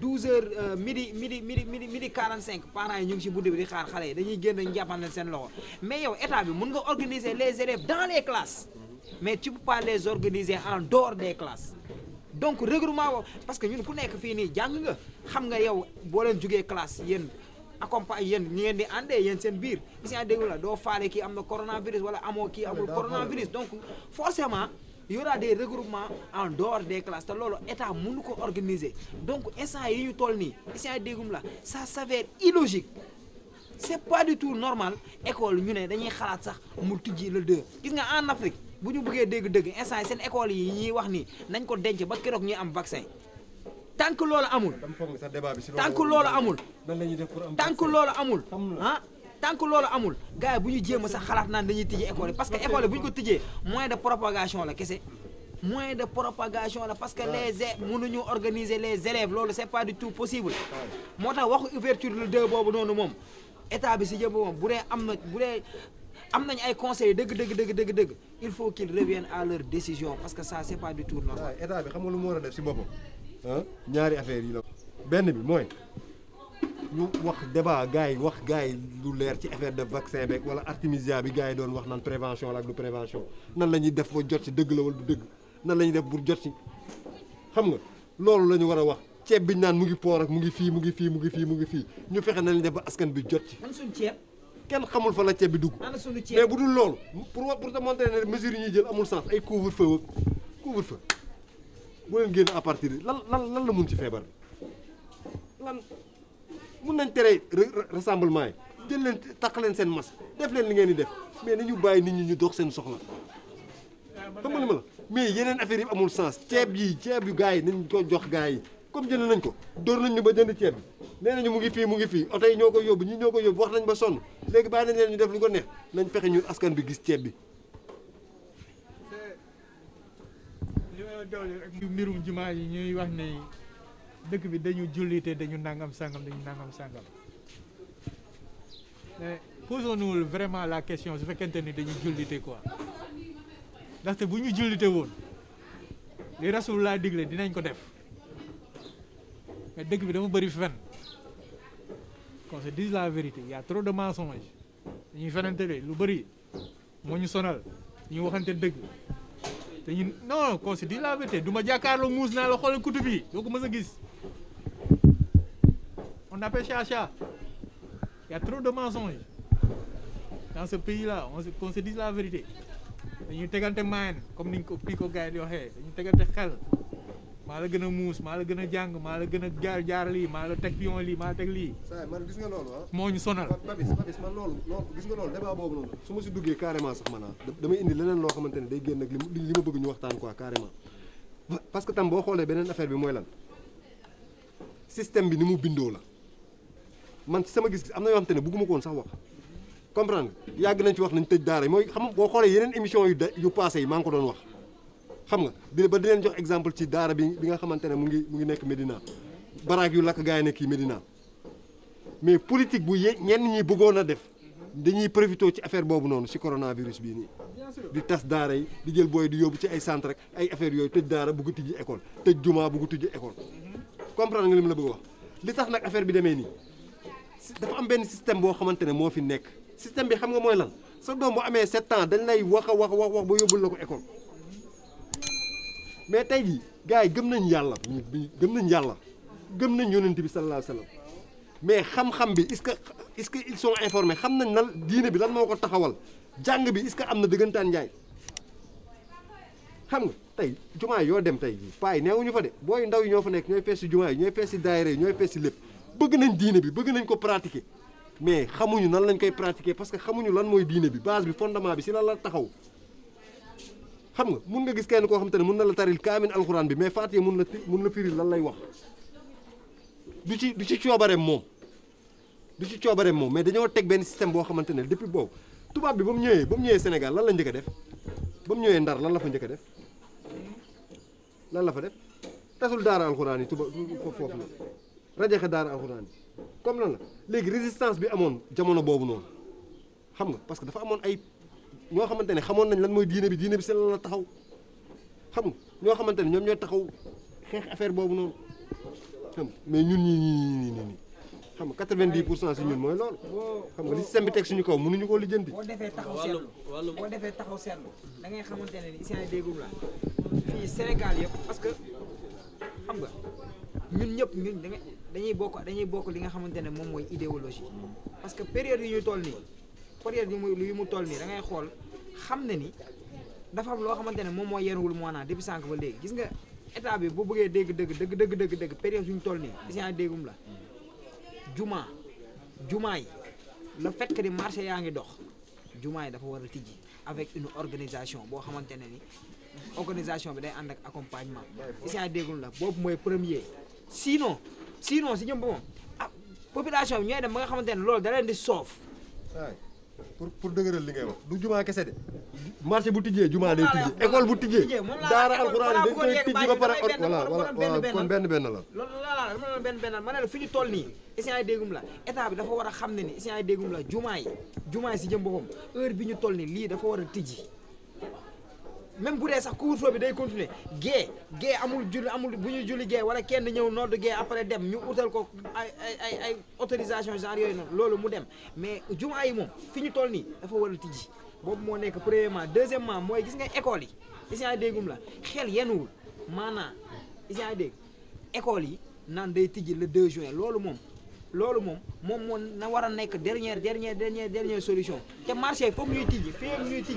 12h euh, euh, midi midi midi midi midi 45 parents yi ñu ngi ci buddi bi di xaar xale yi dañuy génn njàppandal seen loxo mais yow état bi mun nga organiser les élèves dans les classes mais tu peux pas organiser en door des classes donc regroupement parce que ñun ku nekk fii nii jàng nga xam nga yow boo leen jugee classe yéen. accompagne yéen ñi ngeen di àndee yéen seen biir gis nga déglu la doo faale kii am na coronavirus wala amoo kii amul coronavirus donc forcément y aura des regroupement en dehors des classes te loolu état mënu ko organiser donc instant yi ñu toll nii instant déggum la ça saver illogique c'est pas du tout normal école ñu ne dañuy xalaat sax mu tijji le deux gis nga en Afrique bu ñu buggee dégg-dëgg instant yi seen école yi ñuy wax nii nañ ko denc ba keroog ñuy am vaccin tant que loolu amul. tant que loolu amul. tant que loolu amul ah. tant que loolu amul gars bu ñu jéem a sax xalaat naan dañuy tijji école parce que école yi bu ñu ko tijjee moyen de propagation la kese. moyen de propagation la parce que les é mënuñu organiser les élèves loolu c'est pas du tout possible. moo tax waxu ouverture le deux boobu noonu moom état bi si jëm moom bu dee am na bu dee. am nañu ay conseils dëgg dëgg dëgg dëgg il faut qu'ils reviennent à leur décision parce que ça c'est pas du tout normal. état ñaari affaire yi la benn bi mooy ñu wax débat gars yi wax gars yi lu leer ci affaire de vaccin beeg wala artemisia bi gars yi doon wax naan prévention la ak du prévention nan la ñuy def ba jot ci dëgg la wala du dëgg nan la ñuy def pour jot xam nga loolu la ñu war a wax ceeb bi ñu naan mu ngi poor ak mu ngi fii mu ngi fii mu ngi fii mu ngi fii ñu fexe na lañ def ba askan bi jot ci. kenn xamul fa la ceeb bi dugg. mais bu dul loolu pour pour te montrer ne mesures yi ñuy jël amul sens ay couvre-feu couvre-feu. bu leen génn à partir de lan lan lan la mun ci feebar bi lan mun nañ tere rassemblement yi jën leen takk leen seen masque def leen li ngeen di def mais nañu bàyyi nit ñi ñu dox seen soxla xam nga li ma la mais yeneen affaire amul sens ceeb yi ceeb yu gars yi nañ ko jox gaa yi comme jënd nañ ko dóor nañ ñu ba jënd ceeb bi nee nañu mu ngi fii mu ngi fii oto yi ñoo koy yóbbu ñi ñoo koy yóbbu wax nañ ba sonn léegi bàyyi nañ leen ñu def lu ko neex nañ fexe ñu askan bi gis ceeb bi doole rek mbirum yi ñuy wax ne dëkk bi dañu jullite dañu nangam sangam dañu nangam sangam mais vraiment la question su fekkente ni dañu jullite quoi ndaxte bu ñu jullite woon li rasulullah digle dinañ ko def mais dëkk bi dafa bëri fen qu'on se dise la vérité il y a trop de mensonges dañuy fenante lu bëri moo ñu sonal ñu waxante dëgg te ñun non kon di la vérité du ma jàkkaarloo muus naa la xoolal kutub yi doo ko mës a gis on appelle chat chat a trop de mensonges dans ce pays la on se qu'on la vérité dañuy tegante main comme ni ko kii ko gars yi di dañu dañuy tegante xel. maa la gën a muus maa la gën a jàng maa la gën a jaar jaar lii maa la teg pion lii maa la teg lii. gis nga loolu ah. moo ñu sonal Babis Babis man loolu loolu nga loolu débat boobu noonu su ma si duggee carrément sax man ah, a damay indi leneen loo xamante ne day génn ak li ma bëgg ñu waxtaan quoi carrément parce que tam boo xoolee beneen affaire bi mooy lan système bi ni mu bindoo la man sama gis-gis am na yoo xamante ne bugguma ko woon sax wax comprendre yàgg nañ ci wax nañ tëj daara mooy xam boo xoolee yeneen émission yu da yu passé yi maa ngi doon wax xam nga di ba di leen jox exemple ci daara bi bi nga xamante ne mu ngi mu ngi nekk Médina baraag yu lakk gaa yi nekk yi Médina mais politique bu ye ñenn ñi bëggoon a def dañuy profité ci affaire boobu noonu si coronavirus bii nii di tas daara yi di jël booy di yóbbu ci ay centre rek ay affaire yooyu tëj daara bugg tijji école tëj jumaa bugg tijji école comprendre nga li mu la bëgg wax li tax nag affaire bi demee nii dafa am benn système boo xamante ne moo fi nekk système bi xam nga mooy lan sa doom amee sept ans dañ lay wax wax wax wax ba yóbbul la ko école mais tey jii gars yi gëm nañ yàlla gëm nañ yàlla gëm nañ yonent bi sallallahu alayhi wasallam mais xam-xam bi est-ce que est-ce que ils sont xam nañ lan diine bi lan moo ko taxawal jàng bi est-ce que am na dëggantaan njaay xam nga tey jumaa yoo dem tey jii paa yi neewuñu fa de booy ndaw yi ñoo fa nekk ñooy fees si jumaa yi ñooy fees si daayira yi ñooy fees si lépp bëgg nañ diine bi bëgg nañ ko pratiquer mais xamuñu nan lañ koy pratiquer parce que xamuñu lan mooy diine bi base bi fondement bi si lan la taxaw xam nga mun nga gis kenn koo xam ne mun na la taril kaamin alxuraan bi mais Faatiha mun la mun la firil lan lay wax du ci du ci coobareem moom du ci coobareem moom mais dañoo teg benn système boo xamante ne depuis boobu tubaab bi ba mu ñëwee ba mu ñëwee Sénégal lan la njëkk a def ba mu ñëwee Ndar lan la fa njëkk a def lan la fa def tasul daara alxuraan yi tuba foofu la rajaxe daara alxuraan yi comme lan la léegi résistance bi amoon jamono boobu noonu xam nga parce que dafa amoon ay. ñoo xamante ne xamoon nañ lan mooy diine bi diine bi seen la taxaw xam ñoo xamante ne ñoom ñoo taxaw xeex affaire boobu noonu mais ñun ñii ñii ñii ñii pour cent si ñun mooy loolu. xam nga li système bi teg suñu kaw mënuñu koo lijjanti. boo defee taxaw seetlu boo defee taxaw seetlu da ngay xamante ne ni seen la Sénégal yëpp parce que xam nga ñun ñëpp ñun dañuy bokk dañuy bokk li nga xamante ne moom mooy idéologie parce que période yi ñu toll nii. période yu muy yu mu toll nii da ngay xool xam ne ni dafa am loo xamante ne moom moo yenuwul maanaam depuis sànq ba léegi gis nga état bi bu bëggee dégg dëgg dëgg dëgg dëgg dëgg période ñu toll nii gis nga déggum la juma juma yi la fekk ni marché yaa ngi dox juma yi dafa war a tijji avec une organisation boo xamante ne ni organisation bi day ànd ak accompagnement gis nga déggum la boobu mooy premier sinon sinon si jëm ba ah population bi ñooy dem ba xamante ne loolu da leen di pour pour dëgëral li ngay wax du jumaa kese de marché bu tijjee jumaa day tijjee école bu tijjee daara alxuraan dañ koy tijji ba pare voilà voilà kon benn benn la loolu la dama doon benn benn ma ne la fi ñu toll nii essient yi déggum la état bi dafa war a xam ne ni essient yi déggum la jumaa yi jumaa yi si jëm boppam heure bi ñu toll nii lii dafa war a tijji même bu dee sax couvre-feu bi day continuer gée gée amul julli amul bu ñu julli gée wala kenn ñëw nodd gée après dem ñu utal ko ay ay ay autorisation genre yooyu noonu loolu mu dem mais jumaa yi moom fi ñu toll nii dafa war a tijji boobu moo nekk premièrement deuxièmement mooy gis nga école yi isinaa déggum la xel yenuwul maanaam isinaa dégg école yi naan day tijji la 2 juin loolu moom loolu moom moom moo na war a nekk dernière dernière dernière dernière solution te marché foofu ñuy tijji fii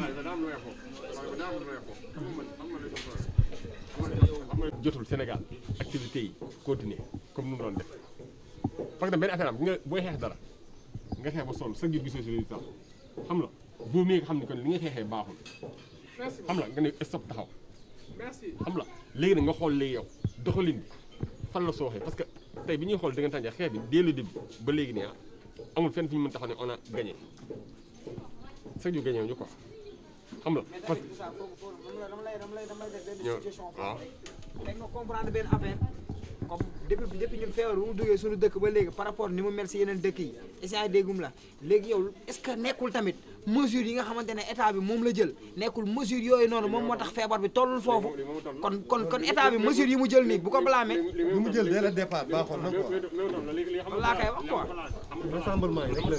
jotul Sénégal activité yi continuer comme nu mu doon def parce que benn affaire am nga booy xeex dara nga xeex ba sonn sa gir gisoo si résultat xam la boo mi nga xam ne kon li nga xeexee baaxul xam la nga ne stop taxaw xam la léegi nag nga xool léegi yow doxalin bi fan la sooxee parce que tey bi ñuy xool diggante ja xeex bi dès le début ba léegi ne ah amul fenn fi ñu mën taxaw ne on a gagné c'est du gagné ñu quoi xam nga parce que. ñëw waaw. dañ ma comprendre benn affaire comme depuis depuis ñun feebar bu mu duggee suñu dëkk ba léegi par rapport ni mu mel si yeneen dëkk yi essai déggum la léegi yow est-ce que nekkul tamit mesure yi nga xamante ne état bi moom la jël nekkul mesure yooyu noonu moom moo tax feebar bi tollul foofu kon kon kon état bi mesure yi mu jël nii bu ko blâmer. li mu jël dès le départ baaxoon na quoi. loolu laa koy wax quoi. rassemblement yi rek la.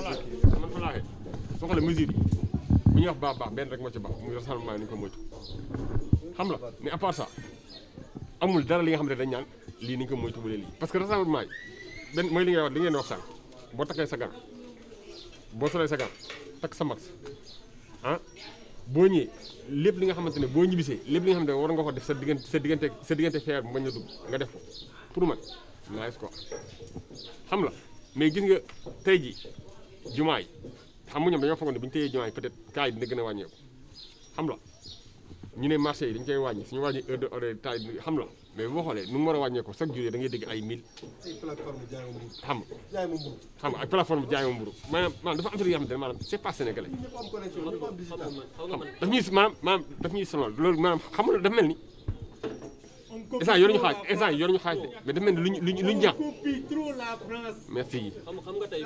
soo xoolee mesure yi. bu ñuy wax baax baax benn rek moo ci baax muy rassemblement yi ñu xam la mais à part amul dara li nga xam ne dañ ñaan lii ni ko moytu bu lee lii parce que rassemblement yi benn mooy li ngay wax li ngeen wax sànq boo takkee sa boo solee sa gan sa max ah boo ñëwee lépp li nga xamante ne boo ñibbisee lépp li xam ne war nga ko def sa diggante sa diggante sa diggante feer bu bañ a dugg nga def ko pour man nice ko xam la mais gis nga tey ji jumaa yi xam nga ñoom dañoo foog ne bu ñu téyee jumaa yi peut être dina gën a wàññeeku xam la ñu ne marché yi dañu koy wàññi suñu wàññi heure de heure xam la mais boo xoolee nu mu war a wàññeeku chaque jour da ngay dégg ay mille xam xam nga ak jaay ma mburu maanaam maanaam dafa am yoo xam ne maanaam c'est pas sénégalais xam daf ñuy maanaam maanaam ñuy sonal loolu maanaam xam nga dafa mel ni instant yoruñu xaaj instant yoruñu xaaj de mais dafa mel ni luñ luñ jàng. merci.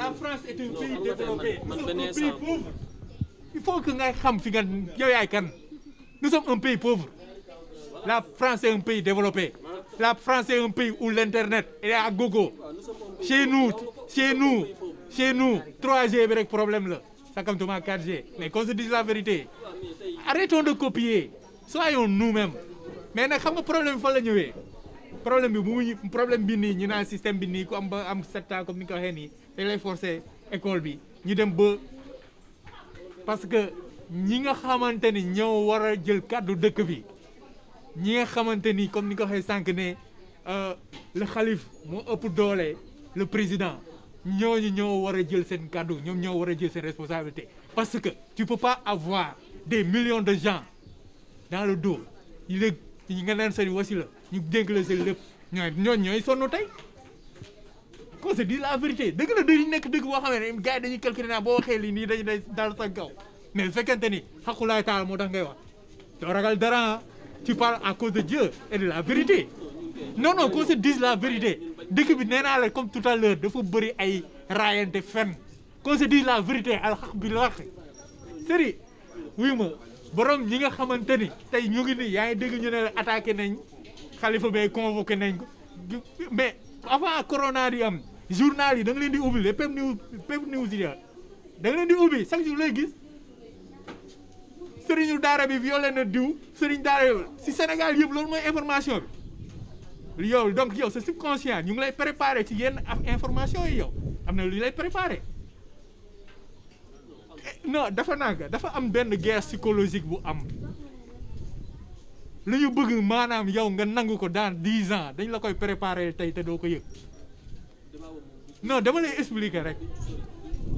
la France est un pays développé nous sommes un pays pauvre. il faut que ngay xam fi nga yow yaay kan nous sommes un pays pauvre la France est un pays développé la France est un pays où l'internet est à gogo chez nous chez nous chez nous 3G bi rek problème la sakamtuma 4G mais qu'on se dise la vérité arrêtons de copier soyons nous-mêmes. mais nag xam nga problème bi fan la ñëwee problème bi mu problème bi nii ñu naan système bi nii ku am ba am sept ans comme ni nga ko waxee nii dañ école bi ñu dem ba parce que ñi nga xamante ni ñoo war a jël kàddu dëkk bi ñi nga xamante ni comme ni nga ko waxee sànq ne euh, le xalif moo ëpp doole le président ñooñu ñoo war a jël seen kàddu ñoom ñoo war a jël seen responsabilité parce que tu peux pas avoir des millions de gens dans le dos il est ñu nga naan seen la ñu dénk la seen lépp ñooy ñooñ ñooy sonn tey qu'on se dise la vérité dëgg la dañu nekk dëgg boo xam ne gars yi dañuy calculer naa boo waxee lii nii dañu day dal sa gaw mais bu fekkente ni xaqulaay taal moo tax ngay wax doo ragal dara ci parles à cause de Dieu et de la vérité non non qu'on se la vérité dëkk bi nee naa la comme tout à l'heure dafa bëri ay raayante fenn qu'on se dise la vérité al bi la wax sëri ma borom ñi nga xamante ni tey ñu ngi nii yaa ngi dégg ñu ne attaqué nañ xalifa bay convoqué nañ ko mais avant corona di am journal yi da leen di ubbi les pep news pep news yi da leen di ubbi chaque jour lay gis sëriñu daara bi violé na diw sëriñ daara yow si Sénégal yëpp loolu mooy information bi yow donc yow sa subconscient ñu ngi lay préparé ci yenn am information yi yow am na lu lay préparé no dafa nanga dafa am benn guerre psychologique bu am lu ñu bëgg maanaam yow nga nangu ko daan dix ans dañ la koy préparer tey te doo ko yëg non dama lay expliquer rek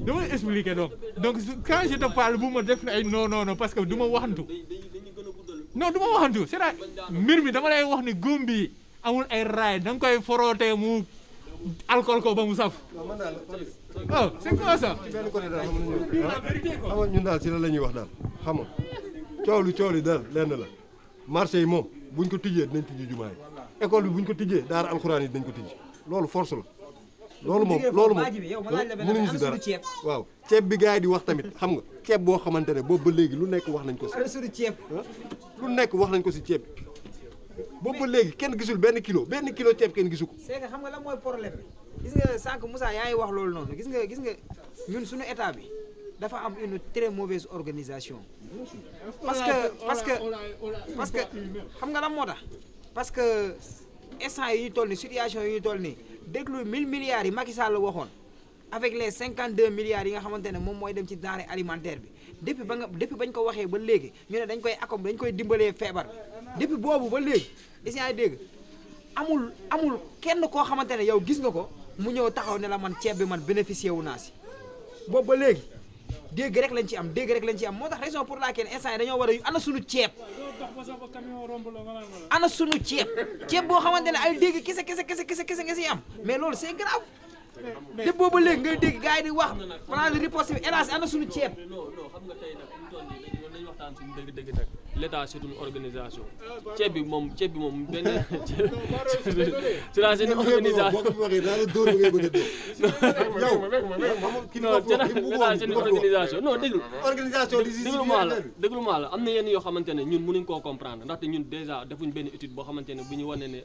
dama lay expliquer donc donc quand je te parle bu ma def na ay non non non que du ma waxantu non du ma waxantu c'est mbir mi dama lay wax ni góom bi amul ay raay danga koy forootee mu alcool ko ba mu saf waaw c'est quoi ça. benn côté daal xam nga ñun daal si la la ñuy wax daal xam nga coow li coow li daal lenn la marché yi moom buñ ko tijjee dinañ tijji jumaa yi école bi buñ ko tijjee daara alxuraan yi dinañ ko tijji loolu force la. loolu moom loolu moom mënuñu si dara waaw ceeb bi gars yi di wax tamit xam nga ceeb boo xamante ne boobu ba léegi lu nekk wax nañ ko si lu nekk wax nañ ko si ceeb boobu ba léegi kenn gisul benn kilo benn kilo ceeb kenn gisu ko xam nga lan mooy problème gis nga sànq Moussa yaa ngi wax loolu noonu gis nga gis nga ñun suñu état bi dafa am une très mauvaise organisation. parce que parce que parce que xam nga lan moo tax. parce que instant yi ñu toll nii situation yi ñu toll nii déglu mille milliards yi Macky Sall la waxoon avec les 52 milliards yi nga xamante ne moom mooy dem ci denrée alimentaire bi depuis ba nga depuis bañ ko waxee ba léegi ñu ne dañ koy accompagner dañ koy dimbalee feebar bi boobu ba léegi is dégg amul kenn koo xamante ne yow gis nga ko. mu ñëw taxaw ne la man ceeb bi man bénéficié wu naa si boobu ba léegi dégg rek lañ ci am dégg rek lañ ci am moo tax raison pour laquelle instant yi dañoo war a ana suñu ceeb ana suñu ceeb ceeb boo xamante ne ay dégg kese kese kese kese kese nga siy am mais loolu c'est grave te boobu ba léegi ngay dégg gars yi di wax plan de riposte ana suñu ceeb nañu waxtaan suñu dëgg dëgg nag l'état c'est organisation ceeb bi moom ceeb bi moom benn c'est une organisation l'état c'est une organisation non déglu déglu maa la déglu yoo xamante ne ñun mënuñ koo comprendre ndaxte ñun déjà defuñ benn étude boo xamante ne bu ñu wane ne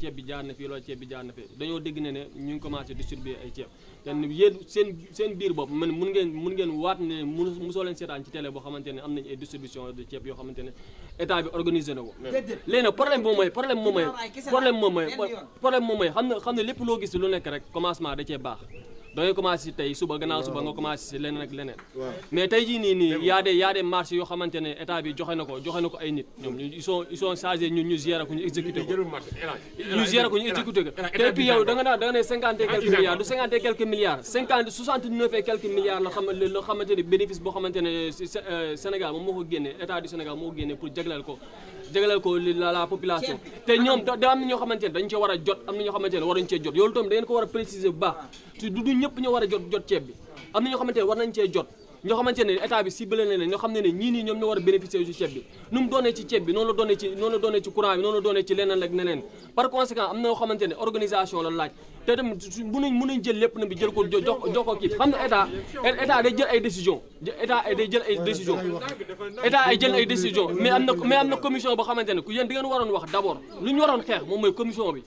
ceeb bi jaar na fii loolu bi jaar na dañoo dégg ne ne ñu ngi commencé distribuer ay ceeb te yéen seen seen biir bopp man mun ngeen mun ngeen waat ne mun musoo leen seetaan ci télé boo xamante ne am nañ ay distribution de ceeb yoo xamante ne état bi organisé na ko léegi nag problème moom mooy problème moom mooy problème moom mooy problème moom xam ne xam ne lépp loo gis lu nekk rek commencement da cee baax dangay commencé si tey suba gannaaw suba nga commencé si leneen ak leneen mais tey jii nii nii y a des y a yoo xamante ne état bi joxe na ko joxe na ko ay nit ñoom ñu ils sont ñu gérer ko ñu exécuté ko ñu gérer ko ñu exécuté ko te et puis yow da nga ne cinquante et quelques milliards du cinquante et quelques cinquante soixante neuf la xam ne bénéfice boo xamante euh, Sénégal moom moo ko génne état du Sénégal moo ko génne pour jagleel jagleel ko la population te ñoom da am na ñoo xamante ne dañ cee war a jot am na ñoo xamante ne waruñ war a préciser bu baax du a jot jot ceeb bi am na ñoo xamante ne cee jot ñoo xamante ne état bi ciblé na ñoo xam ne ne ñii nii ñoom ñoo war a bénéficier ci ceeb bi nu mu doonee ci ceeb bi noonu la doonee ci noonu la doonee ci courant bi noonu la doonee ci leneen ak neneen par conséquent am na ñoo xamante organisation la laaj te jël lépp na bi jël ko jox jox ko kii xam na état état day jël ay décision état ay jël ay décision mais am na commission boo xamante ku yéen di waroon wax d' lu ñu xeex moom mooy commission bi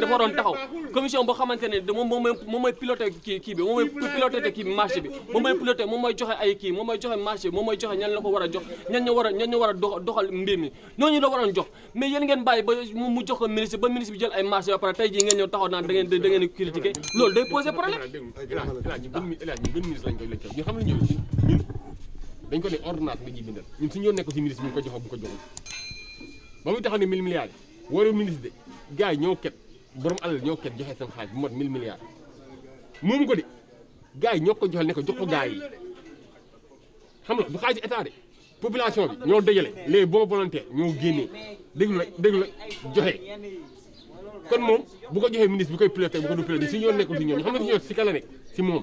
dafa waroon taxaw commission boo xamante moom mooy moom kii bi moom mooy piloté kii marché bi moom mooy joxe ay kii moom mooy joxe ñan la war a jox ñan ñan war a doxal mbir mi noonu la waroon jox mais yéen ngeen bàyyi mu jox ko ministre da ngeen di critiquer loolu day poser problème. Elhadj ñu gën Elhadj ministre lañ dañ ko ne ordonnance la ñuy bindal ñun ñu ko joxoon bu ko joxoon ba muy taxaw ne mille milliards yi waru ministre de gars yi ñoo ket borom alal ñoo ket joxe seen xaaj bu mot mille milliards moomu ko de gars yi ñoo ko joxal ne ko jox ko gars yi xam nga bu xaalis état de population bi ñoo dajale les bons volontaires ñoo génnee déglu rek la rek joxe kon moom bu ko joxee ministre bi koy piloté bu ko du piloté si ñoo nekkul si ñoom ñu xam ne si si kala nekk si moom.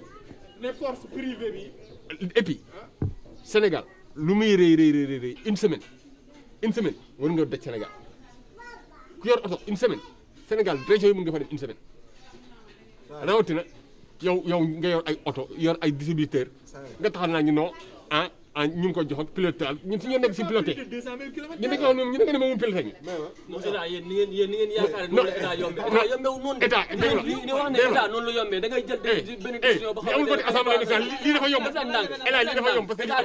les forces privées bi. et Sénégal lu muy rëy rëy rëy une semaine une semaine war nga daj Sénégal ku yor oto une semaine Sénégal région yi mën nga fa def une semaine rawatina yow yow nga yor ay oto yor ay distributeur nga taxaw naa ñu non ah. en ah, ñu ngi ko jox ak pilote ak ñun fi ñu nekk si pilote ñu nekk noonu ñu nekk pilote ñu. ni wax ne noonu la yombee da jël benn décision ba xam ne amul côté assemblée nationale lii dafa yomb état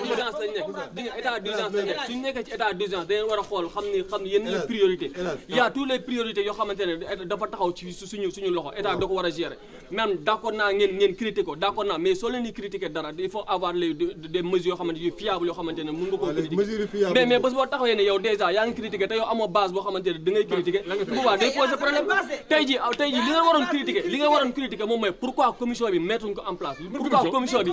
xam ni xam ni priorité y a tous les yoo xamante ne dafa taxaw ci suñu suñu loxo état da ko war a gérer même d'accord naa ngeen ngeen critiquer ko naa mais soo leen di dara il faut avoir les des mesures yoo xamante fiable yoo xamante ne mën nga koo critiquer mais mais bés boo taxawee ne yow déjà yaa ngi critiquer te yow amoo base boo xamante ne da ngay critiquer bu boobaa day poser problème tey ji ah, tey ji li nga waroon critiquer li nga waroon critiquer moom mooy pourquoi commission bi mettuñ ko en place pourquoi commission bi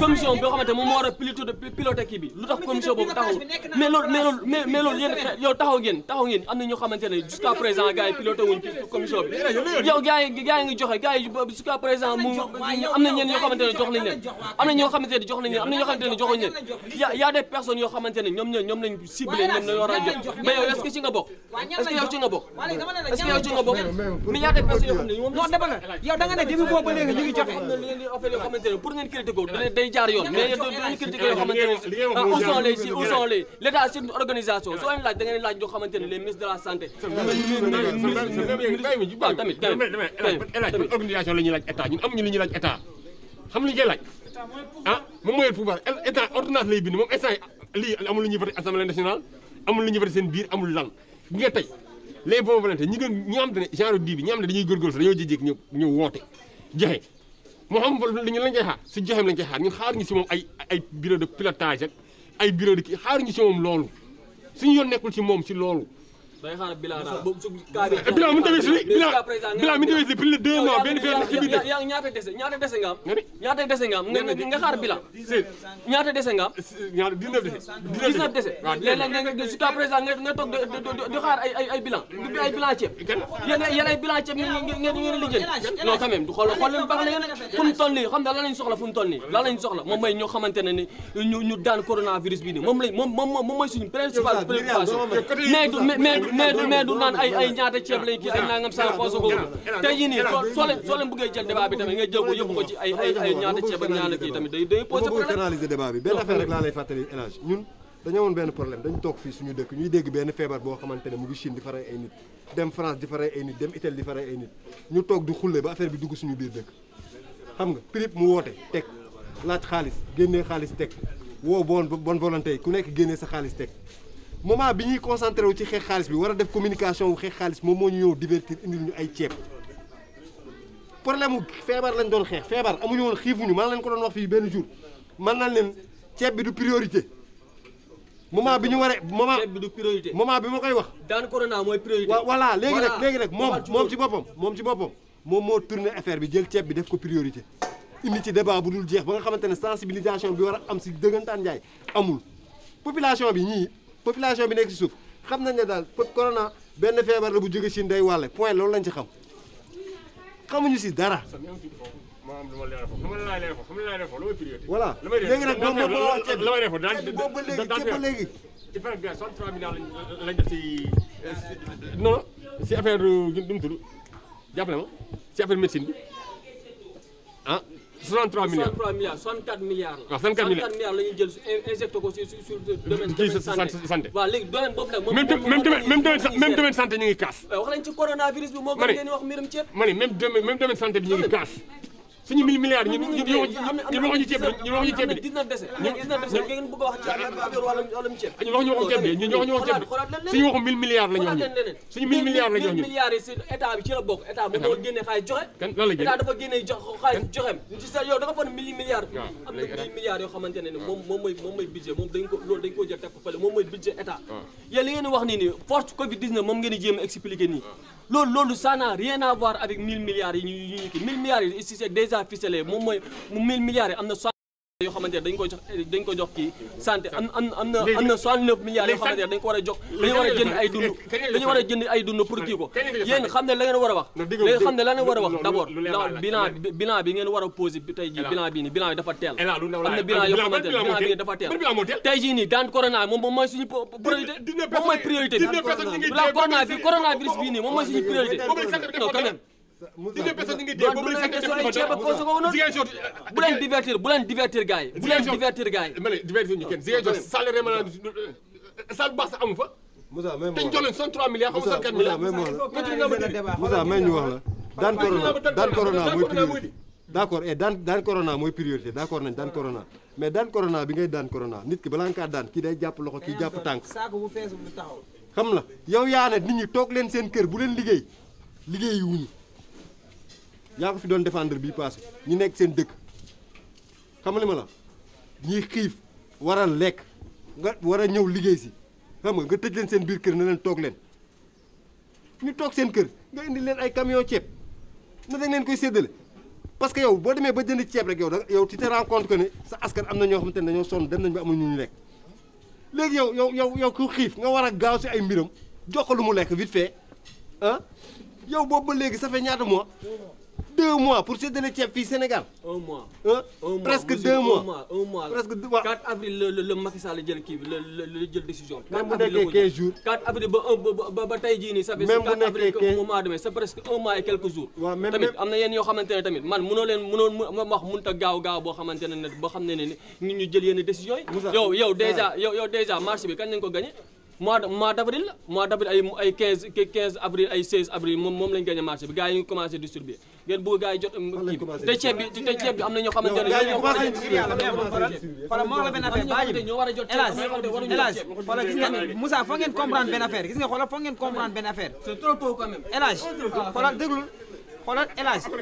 commission boo xamante moom moo war a plutôt de piloter kii bi lu tax commission boobu taxaw mais loolu mais loolu mais mais loolu yéen yow taxaw ngeen taxaw ngeen am na ñoo xamante ne jusqu'à présent gars yi piloté wuñ commission bi yow gars yi gars yi ngi joxe gars yi jusqu'à présent mu am na ñeen ñoo xamante ne jox nañ leen am na ñoo xamante ne jox nañ leen am na ñoo xamante ne joxuñ leen y' y' a des personnes yoo xamante ne ñoom ñoo ñoom lañ ciblé ñoom la ñu war a jox mais yow est-ce que ci nga bokk. est-ce que yow ci nga bokk. est-ce que yow ci nga bokk. mais y' a des personnes yoo xam ne moom. non dama la yow da nga ne début boobu ba léegi ñu ngi joxe. am na lu ngeen di offert yoo xamante ne pour ngeen critiquer ko day jaar yoon mais dañu critiquer yoo xamante ne où sont les si où sont les l'état c'est une organisation soo leen laaj da ngeen laaj yoo xamante ne les ministres de la santé. waaw tamit tamit tamit organisation la ñuy laaj état ñun amuñu li ñuy laaj état xam li ñu koy laaj ah moom mooy pouvoir état ordonnance lay bind moom état lii amul lu ñuy voté assemblée nationale amul lu ñuy voté seen biir amul lan ñi nga tey les bons volontés ñi gën ñi nga xam te ne genre di bi ñi nga ne dañuy góorgóorlu dañoo jéjéeg ñu ñu woote joxe moo xam ñu lañ koy xaar si joxeem lañ koy xaar ñun xaar ñu si moom ay ay bureau de pilotage ak ay bureau de xaar ñu si moom loolu suñu yoon nekkul si moom si loolu day xaar bilan daal boobu su kaa bi bilan mu tawee si li bilan mu tawee si plus de deux mois benn fee nekk si biir dëkk yaa ñaata dese ñaata dese nga am ñaata dese nga am nga xaar bilan ñaata dese nga am ñaata dix-neuf dese dix-neuf dese léeg-léeg nga su kaa président nga toog di xaar ay ay ay bilan du ay bilan ceeb yéen yéen ay bilan ceeb ngeen ngeen lijjanti non quand même du xool xool leen baax na fu mu toll nii xam nga lan lañ soxla fu mu toll nii lan lañ soxla moom mooy ñoo xamante ne ni ñu ñu daan coronavirus bii nii moom lañ moom moom moom mooy suñu principal préoccupation mais mais mais du mais du naan ay ñaata ceeb lañ kii ay nangam sa poosagul tey jii nii soo leen soo leen bëggee jël débat bi tamit nga jël ko yóbbu ko ci ay ay ay ñaata ceeb ak ñaata kii tamit day day posé problème canaliser débat bi benn affaire rek laa lay fàttali El ñun dañoo woon benn problème dañ toog fii suñu dëkk ñuy dégg benn feebar boo xamante ne mu ngi Chine di fa rey ay nit dem France di fa rey ay nit dem Italie di fa rey ay nit ñu toog di xulle ba affaire bi dugg suñu biir dëkk xam nga prip mu woote teg laaj xaalis génnee xaalis teg woo bon bonne volonté ku nekk génnee sa xaalis moment bi ñuy concentré wu ci xeex xaalis bi war a def communication wu xeex xaalis moom moo ñu ñëw divertir indil ñu ay ceeb problème mu feebar lañ doon xeex feebar amuñu woon ñu man lañ ko doon wax fii benn jour man nañ leen ceeb bi du priorité moment bi ñu waree moment ceeb bi du moment bi ma koy wax. daan corona mooy priorité. voilà léegi nag léegi nag moom moom ci boppam moom ci boppam moom moo tourné affaire bi jël ceeb bi def ko priorité. indi ci débat bu dul jeex ba nga xamante ne sensibilisation bi war a am si dëggantaan njaay amul population bi ñii. population bi nekk ci suuf xam nañ ne daal corona benn feebar la bu jóge Chine day wàlle point loolu lañ ci xam ñu si dara. ma am lu ma leeral foofu lu ma laay leeral foofu lu ma laay leeral foofu lu ma priorité. voilà la may si non si affaire euh, nu mu tudd jàppale ma si affaire médecine bi ah. 63 milliards 63 milliards 64 milliards la. waaw ah, 64 milliards 64 milliards la ñuy jël injecté ko sur sur domaine. domaine santé waaw léegi domaine boobu nag. même même même domaine santé ñu ngi kaas. Eh, wax nañu ci coronavirus bi moo gën leen wax mbirum ceeb. ma ne même domaine santé bi ñu ngi kaas. suñu ñu ñu ñu ñu ñu waxuñu ceeb bi ñu waxuñu yi si état ci la bokk état mu doon génne xaalis joxe kan dafa génne jox xaalis joxeem ci sa yow da xamante ni moom mooy moom moom dañ ko jël teg ko moom mooy budget état yéen li wax nii force covid moom ngeen di jéem nii loolu loolu ça n'a rien avec mille milliards yi ñu ñu kii mille milliards yi déjà ficelé moom mooy mu mille am am na am na 69 milliards yoo xamante ko war a jox dañu war ay dund dañu war a ay dund pour kii ko yéen xam ne la ngeen war a wax léegi xam ne la ngeen war a wax d'abord bilan bi ngeen war bi dafa teel am na bilan yoo xamante ne bilan bi dafa teel tey jii nii daan corona moom moom mooy suñu priorité moom mooy priorité bi la corona bi nii moom mooy suñu priorité non quand dixième personne ñu ngi dee boobu lañ bu leen divertir bu leen divertir gars yi bu leen divertir gars yi ma ne divertir ñu kenn Ziguinchor euh, salle rémanal salle basse amu fa Moussa même te ñu jox leen 63 milliards xaw ma 64 milliards ñu wax la daan corona daan corona mooy priorité d'accord et daan daan mooy priorité d'accord nañ daan corona mais daan corona bi ngay daan corona nit ki balaa nga kaa daan kii day jàpp loxo kii jàpp tànk xam la yow yaa ne nit ñi toog leen seen kër bu leen liggéey liggéey yaa ko fi doon défendre bii passé ñu nekk seen dëkk xam nga ma la ñiy xiif war a lekk nga war a ñëw liggéey si xam nga nga tëj leen seen biir kër na leen toog leen ñu toog seen kër nga indi leen ay camion ceeb na dañ leen koy séddale parce que yow boo demee ba jënd ceeb rek yow da yow tu te rends compte ne sa askan am na ñoo xamante ne dañoo sonn dem nañ ba amuñu ñu lekk léegi yow yow yow yow ku xiif nga war a gaaw si ay mbiram jox ko lu mu lekk vite fait ah yow boobu ba léegi ça fait mois deux mois pour séddale ceeb fii Sénégal. un mois un presque deux mois un mois presque deux mois. 4 avril la la la Macky Sall la jël kii bi la la jël décision. 4 avril la ko jël 15 jours. 4 avril ba ba ba tey jii nii. ça fait 4 avril que moment demee c'est presque un mois et quelques jours. waaw même tamit am na yenn yoo xamante ne tamit man mënoo leen mënoon ma wax mënut a gaaw gaaw boo xamante ne boo xam ne ne nit ñu jël yenn décisions yi. yow yow déjà yow yow déjà marché bi kañ lañ ko gagné. mois de mois d'avril la mois d'avril ay ay 15 15 avril ay 16 avril moom moom lañ gagné marché bi gars yi ñu commencé distribuer ngeen bëgg gars yi jot te ceeb bi te ceeb bi am na ñoo xamante ne xoolal moo la benn affaire bàyyi bi Elage xoolal gis nga Moussa foo ngeen comprendre benn affaire gis nga xoolal foo ngeen comprendre benn affaire c'est trop tôt quand même Elage ah, xoolal déglul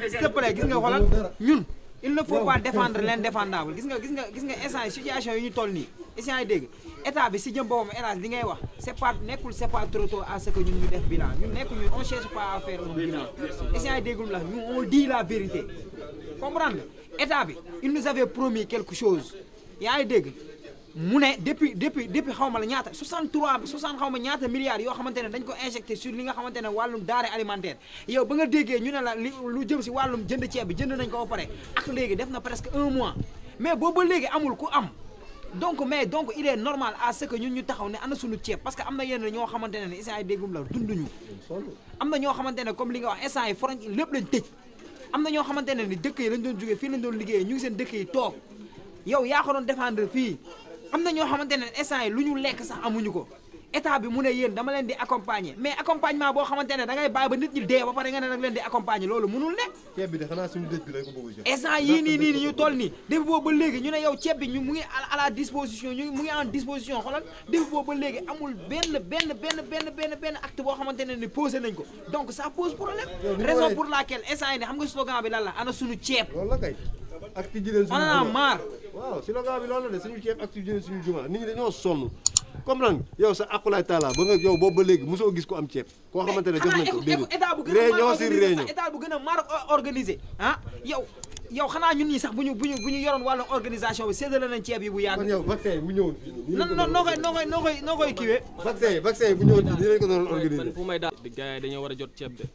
gis nga xoolal ñun il ne faut pas défendre l'indéfendable gis gis nga gis nga instant situation yi ñu toll nii instant yi dégg état bi si jëm boobu Elhadj li ngay wax c'est pas nekkul c'est pas trop tôt à ce que ñun ñu def bilan ñun nekkul ñun on cherche pas à faire un bilan essient déggul la ñu on dit la vérité comprendre état bi il nous avait promis quelque chose yaa ngi dégg mu ne depuis depuis depuis xaw ma la ñaata 63 60 xaw ma ñaata milliards yoo xamante ne dañ ko injecté sur li nga xamante ne wàllum denrée alimentaire yow ba nga déggee ñu ne la li lu jëm si wàllum jënd ceeb bi jënd nañ ko ba pare ak léegi def na mois mais boobu ba léegi amul ku am donc mais donc il est normal à ce que ñu taxaw ne ana suñu ceeb parce que am na yenn ñoo xamante ne instant yi déggum la dunduñu am na ñoo xamante ne comme li nga wax instant yi forañ lépp lañ tëj am na ñoo xamante ne ni dëkk yi lañ doon jógee fii lañ doon liggéeyee ñu ngi seen dëkk yi toog yow yaa ko doon défendre fii am na ñoo xamante ne instant yi lu ñu lekk sax amuñu ko état bi mu ne yéen dama leen di accompagner mais accompagnement boo xamante ne da ngay bàyyi ba nit ñi dee ba pare nga ne nag leen di accompagner loolu munul ne. ceeb bi de xanaa suñu dëj bi lañ ko bëgg a jël. instant yii nii nii ñu toll nii depuis boobu ba ñu ne yow ceeb bi ñu mu ngi à disposition mu ngi en disposition xoolal depuis boobu ba amul benn benn benn benn benn benn boo xamante ne ni posé nañ ko donc ça pose problème. raison pour laquelle instant yi ne xam nga slogan bi lan la ana suñu ceeb. a marre. waaw slogan bi loolu la de suñu ceeb ak comprendre yow sa akulaay taala ba nga yow boobu ba léegi mosoo gis ko am ceeb ne jox nañ ko dégg réunion si réunion état bu gën a mar organisé ah yow yow xanaa ñun ñi sax bu ñu bu ñu bu ñu yoroon wàllu organisation bi séddale nañ ceeb yi bu yàgg. kon yow vaccin yi bu ñëwoon. nan nan noo koy noo koy noo koy noo koy kiiwee. vaccin yi vaccin yi bu ñëwoon nii ko doon organisé. daal war a jot ceeb de.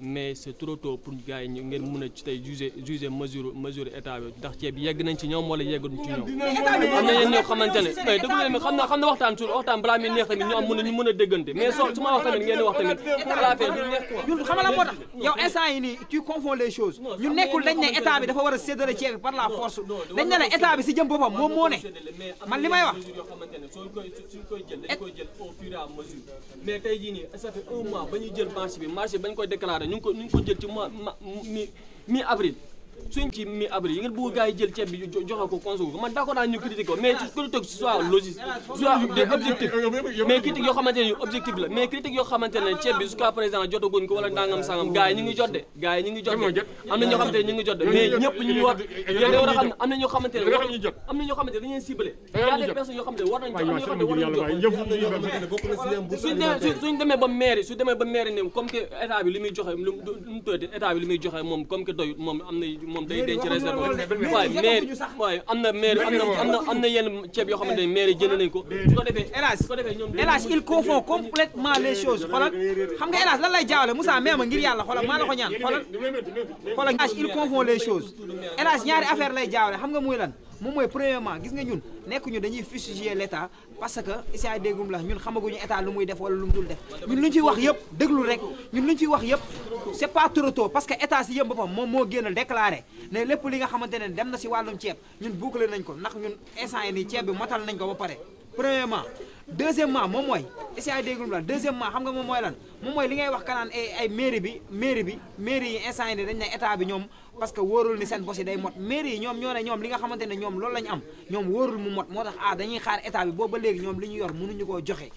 mais c' est trop tôt pour gars yi ngeen mën a ci tey juger juger mesure mesure bi ndax ceeb yegg nañ ci ñoom wala yeggul ci ñoom. na yéen ñoo xamante xam na xam na waxtaan su waxtaan balaa muy neex tamit ñu am mën a a déggante mais su ma wax tamit ngeen di wax tamit balaa fee neex quoi. ñu nekkul dañ ne état bi dafa war a séddale ceeb bi par la force dañ ne la état bi si jëm boppam moom moo ne man li may wax. mais tey jii nii ça fait un mois ba ñuy jël marché bi marché bañ koy déclaré ñu ngi ko ñu ngi jël ci mois mi mi avril. suñ ci mi abri yi ngeen bëgg gars jël ceeb bi joxe ko conso man d'accord naa ñu critique ko mais critique yoo xamante yoo xamante ceeb bi jusqu'à présent demee ba maire su demee ba maire ne comme que état lu muy joxe moom comme que doyut moom am na moom day am na maire am na am na am na yenn ceeb yoo xamante ne ko su ko defee hélas su ko defee ñoom hélas il confond complètement les choses xoolal xam nga hélas lan lay jaawale Moussa meema ngir yàlla xoolal maa la ko ñaan xoolal ñaari affaire lay jaawale xam nga muy lan moom mooy premièrement gis nga ñun nekkuñu dañuy fustiger l' état parce que isaay déggum la ñun xamaguñu état lu muy def wala lu mu dul def ñun lu ñu ciy wax yëpp déglu rek ñun lu ñu ciy wax yëpp c' est pas trop tôt parce que état si yëm boppam moom moo génn déclaré ne lépp li nga xamante ne dem na si wàllum ceeb ñun boucler nañ ko ndax ñun instant yi nii ceeb bi motal nañ ko ba pare premièrement deuxièmement moom mooy essayer ay déggum lan deuxièmement xam nga moom mooy lan moom mooy li ngay wax kanaan eh, ay ay bi mairie bi mairie yi instant yi dañ ne état bi ñoom parce que wóorul ni seen bos yi day mot mairie yi ñoom ñoo ne ñoom li nga xamante ne ñoom loolu lañu am ñoom wóorul mu mot moo tax ah dañuy xaar état bi boobu ba léegi ñoom li ñu yor mënuñu koo joxee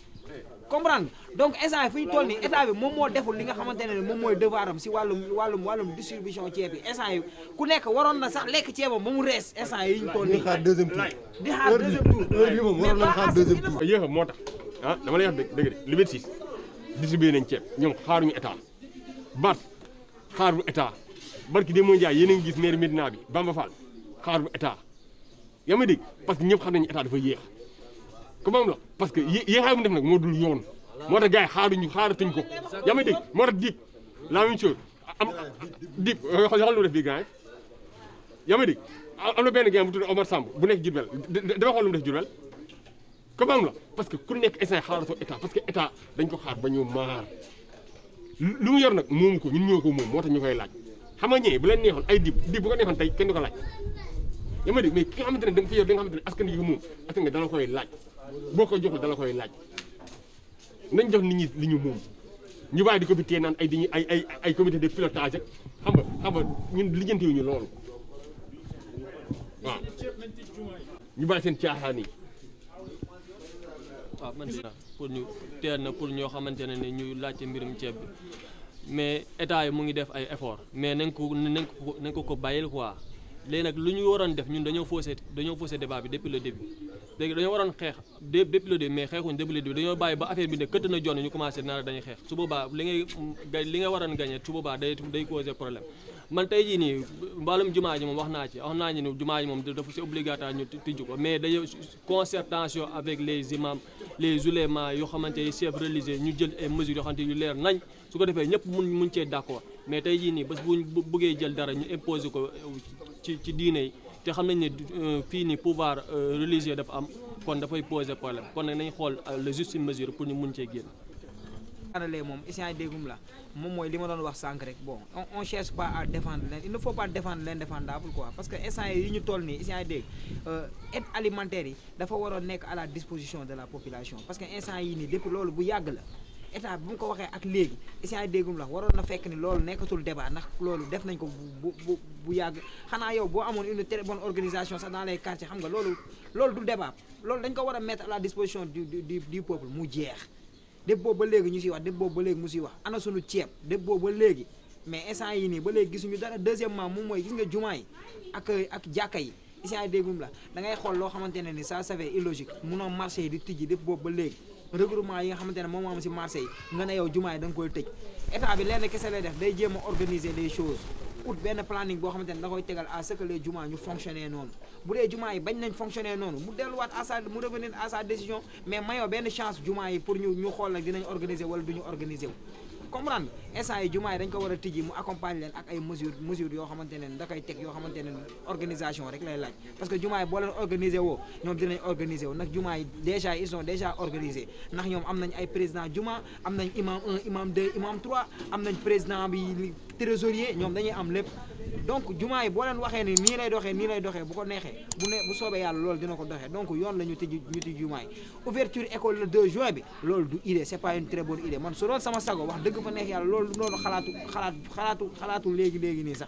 comprendre donc instant yi fu ñu toll nii état bi moom moo deful li nga xamante ne moom mooy devoiram si wàllum wàllum wàllum distribution ceeb yi instant ku nekk waroon na sax lekk ceebam ba mu rees instant yi ñu toll nii. di xaar deuxième tour di xaar deuxième a moo tax ah, dama lay wax dëgg dëgg de liberté six distribué nañ ceeb ñoom xaaruñu état bat xaaru état barki de mooy jaay yéen ngi gis maire Medina bi Bamba Fall xaaru état yaa ma dégg parce que ñëpp xam nañu état dafa yéex comme am la parce que yéexaay mu def nag moo dul yoon moo tax gars yi xaaruñu xaaratuñ ko yaa may dégg moo tax diib la même chose am diib euh, xool lu def bii gars yi yaa may dégg am na benn gars bu tudd Omar Samb bu nekk Jurbel la parce que ku nekk instant xaaratoo état parce que état dañ ko xaar ba ñu maar lu mu yor nag moomu ko ñun ñoo ko moom moo tax ñu koy laaj xam a ñee bu leen neexoon ay di dib bu ko neexoon tey kenn du ko laaj yaa dégg mais ki xamante ne da nga fi yor da nga xamante ne askan yi ko moom askan nga dana koy laaj boo ko joxul dala koy laaj nañ jox nit ñi li ñu moom ñu bàyyi di ko bitee naan ay dañuy ay ay ay comité de pilotage ak xam nga xam ñun lijjanti wu ñu loolu waaw ñu bàyyi seen caaxaan yi. waaw man dina pour ñu teel na pour ñoo xamante ne ni ñu laajte mbirum ceeb bi mais état yi mu ngi def ay effort mais nañ ko nañ ko nañ ko ko bàyyil quoi léegi nag lu ñu waroon def ñun dañoo faussé dañoo faussé débat bi depuis le début. léegi dañoo waroon xeex depuis le début mais xeexuñ depuis le début dañoo bàyyi ba affaire bi ne këtt na jonn ñu commencé naa la dañuy xeex su boobaa li ngay gay li nga waroon gagné su boobaa day day problème man tey jii nii mbalum jumaa ji moom wax naa ci wax naa ni jumaa ji moom dafa si obligatoire ñu tijj ko mais dañoo concertation avec les imams les oulémas yoo xamante ni chefs religieux ñu jël ay mesures yoo xamante yu leer nañ su ko defee ñëpp mun mun cee d'accord mais tey jii nii bés bu buggee jël dara ñu imposer ko ci ci diine yi te xam nañ ne euh, fii nii pouvoir euh, religieux dafa am kon dafay pose problème kon nag nañu xool euh, le juste mesure pour ñu mun cee génn. analee moom essient déggum la moom mooy li ma doon wax sànq rek bon on cherche pas à défendre leen il ne faut pas défendre l'indéfendable quoi parce que essants yi ñu toll nii essient dégg aide alimentaire yi dafa waroon nekk à la disposition de la population parce que instant yi nii depuis loolu bu yàgg la état bu mu ko waxee ak léegi essient déggum la waroon na fekk ni loolu nekkatul débat ndax loolu def nañ ko bu bu bu yàgg xanaa yow boo amoon une très bonne organisation sax dans les quartiers xam nga loolu loolu du débat loolu dañ ko war a mettre à la disposition du du du peuple mu jeex dépp boobu ba léegi ñu siy wax dépp boobu ba léegi mu siy wax ana suñu ceeb dépp boobu ba léegi mais instant yi nii ba léegi gisuñu dara deuxièmement moom mooy gis nga jumaa yi ak ak jàkka yi essient déggum la da ngay xool loo xamante ne ni ça s'avère illogique munoo marché yi di tijji dépp boobu ba léegi regroupement yi nga xamante ne moom am si marché yi nga a yow jumaa yi da koy tëj état bi lenn kese lay def day jéem a organiser les choses ut benn planning boo xamante ne da koy tegal à ce que les jumaa ñu fonctionner noonu bu dee jumaa yi bañ nañ fonctionner noonu mu delluwaat à sa mu revenir à sa décision mais mayoo benn chance jumaa yi pour ñu ñu xool nag dinañ organiser wala du ñu organiser wu instant yi yi dañ ko war a tijji mu accompagne leen ak ay mesure mesure yoo xamante ne da koy teg yoo xamante ne organisation rek lay laaj parce que jumaa yi boo leen organisé woo ñoom dinañ organisé woo nag jumaa yi déjà ils sont ñoom am nañ ay président juma am nañ imam 1 am nañ président bi trésorier ñoom dañuy am lépp donc jumaa yi boo leen waxee ni nii lay doxee nii lay doxee bu ko neexee bu ne soobee yàlla loolu dina ko doxee donc yoon la ñu tijji ñu yi ouverture école le juin bi loolu du idée c'est pas une très bonne idée man su doon sama sago wax dëgg loolu loolu xalaatu xalaat xalaatu xalaatu léegi léegi nii sax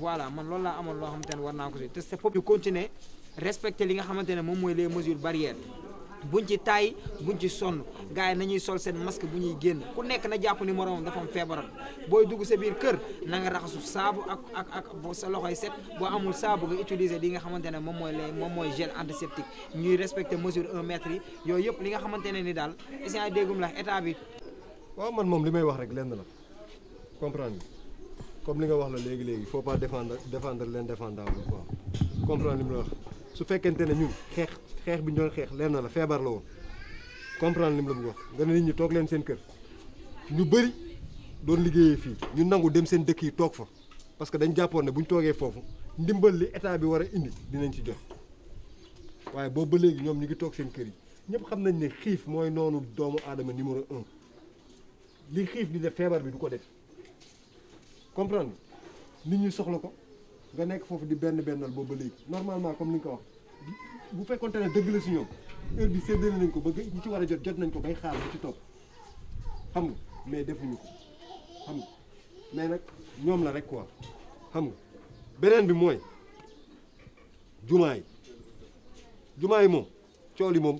voilà man loolu laa amoon loo xamante ne war naa ko si te c'est pour ñu continuer respecte li nga xamante ne moom mooy les mesures barrières buñ ci taay buñ ci sonn gars yi nañuy sol seen masque bu ñuy génn ku nekk na jàpp ni moroomam dafa am booy dugg sa biir kër na nga raxasu saabu ak ak ak sa loxoy set boo amul saabu nga utiliser nga xamante ne moom mooy les moom mooy gel antiseptique ñuy respecter mesure un mètre yi yooyu yëpp li nga xamante ne ni daal essayé déggum la état bi. waaw man moom li may wax rek lenn la. comprendre comme li nga wax la léegi léegi il faut pas défendre défendre l'indéfendable quoi comprendre li mu la wax su fekkente ne ñun xeex xeex bi ñu doon xeex leen na la feebar la woon comprendre li mu la bëgg wax nga ne nit ñi toog leen seen kër ñu bëri doon liggéeyee fii ñu nangu dem seen dëkk yi toog fa parce que dañ jàppoon ne bu ñu toogee foofu ndimbal li état bi war a indi dinañ ci jot waaye boobu ba léegi ñoom ñu ngi toog seen kër yi ñëpp xam nañ ni xiif mooy noonu doomu aadama numéro un li xiif di def bi du ko def. comprendre nit ñi soxla ko nga nekk foofu di benn bennal boobu ba léegi normalement comme ni nga ko wax bu fekkoonte ne dëgg la si ñoom heure bi séddale nañ ko ba ñu ci war a jot jot ko bay xaar ci topp xam nga mais defuñu ko xam nga mais nag ñoom la rek quoi xam nga beneen bi mooy jumaa yi jumaa yi moom cool yi moom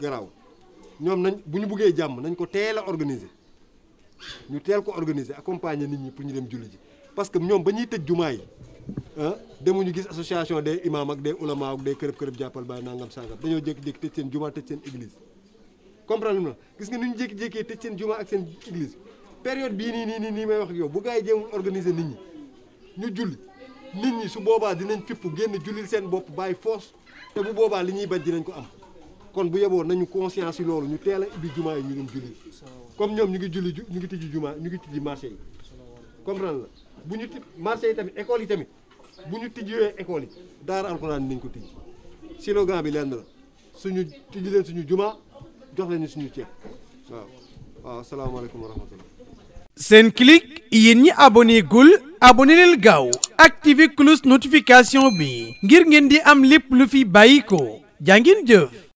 garaaw ñoom nañ bu ñu buggee jàmm nañ ko teel a organiser ñu teel ko organiser accompagner nit ñi pour ñu dem julli ji parce que ñoom ba ñuy tëj jumaa yi ah demuñu gis association des imams ak des ulama ak des kërëb kërëb jàppal bàyyi nangam sangam dañoo jékki-jékki tëj seen jumaa tëj seen église comprendre na gis nga ni ñu jékki-jékkee tëj seen jumaa ak seen église période bii nii nii nii nii may wax ak yow bu gars yi jéemul organiser nit ñi ñu julli nit ñi su boobaa dinañ fipp génn jullil seen bopp bàyyi foos te bu li ñuy bañ dinañ ko am kon bu yeboo nañu conscience loolu ñu teel a ubbi jumaa yi comme ñoom ñu ngi julli ju ñu ngi tijji jumaa ñu ngi tijji marché yi comprendre la bu ñu ti marché yi tamit école yi tamit bu ñu tijjiwee école yi daara alxuraan nañ ko tijji slogan bi lenn la suñu tijji leen suñu jumaa jox leen suñu ceeb waaw waaw asalaamaaleykum wa seen clic yéen ñi abonné gul gaaw leen gaaw activé cloche notification bi ngir ngeen di am lépp lu fi bàyyi ko jaa ngeen jëf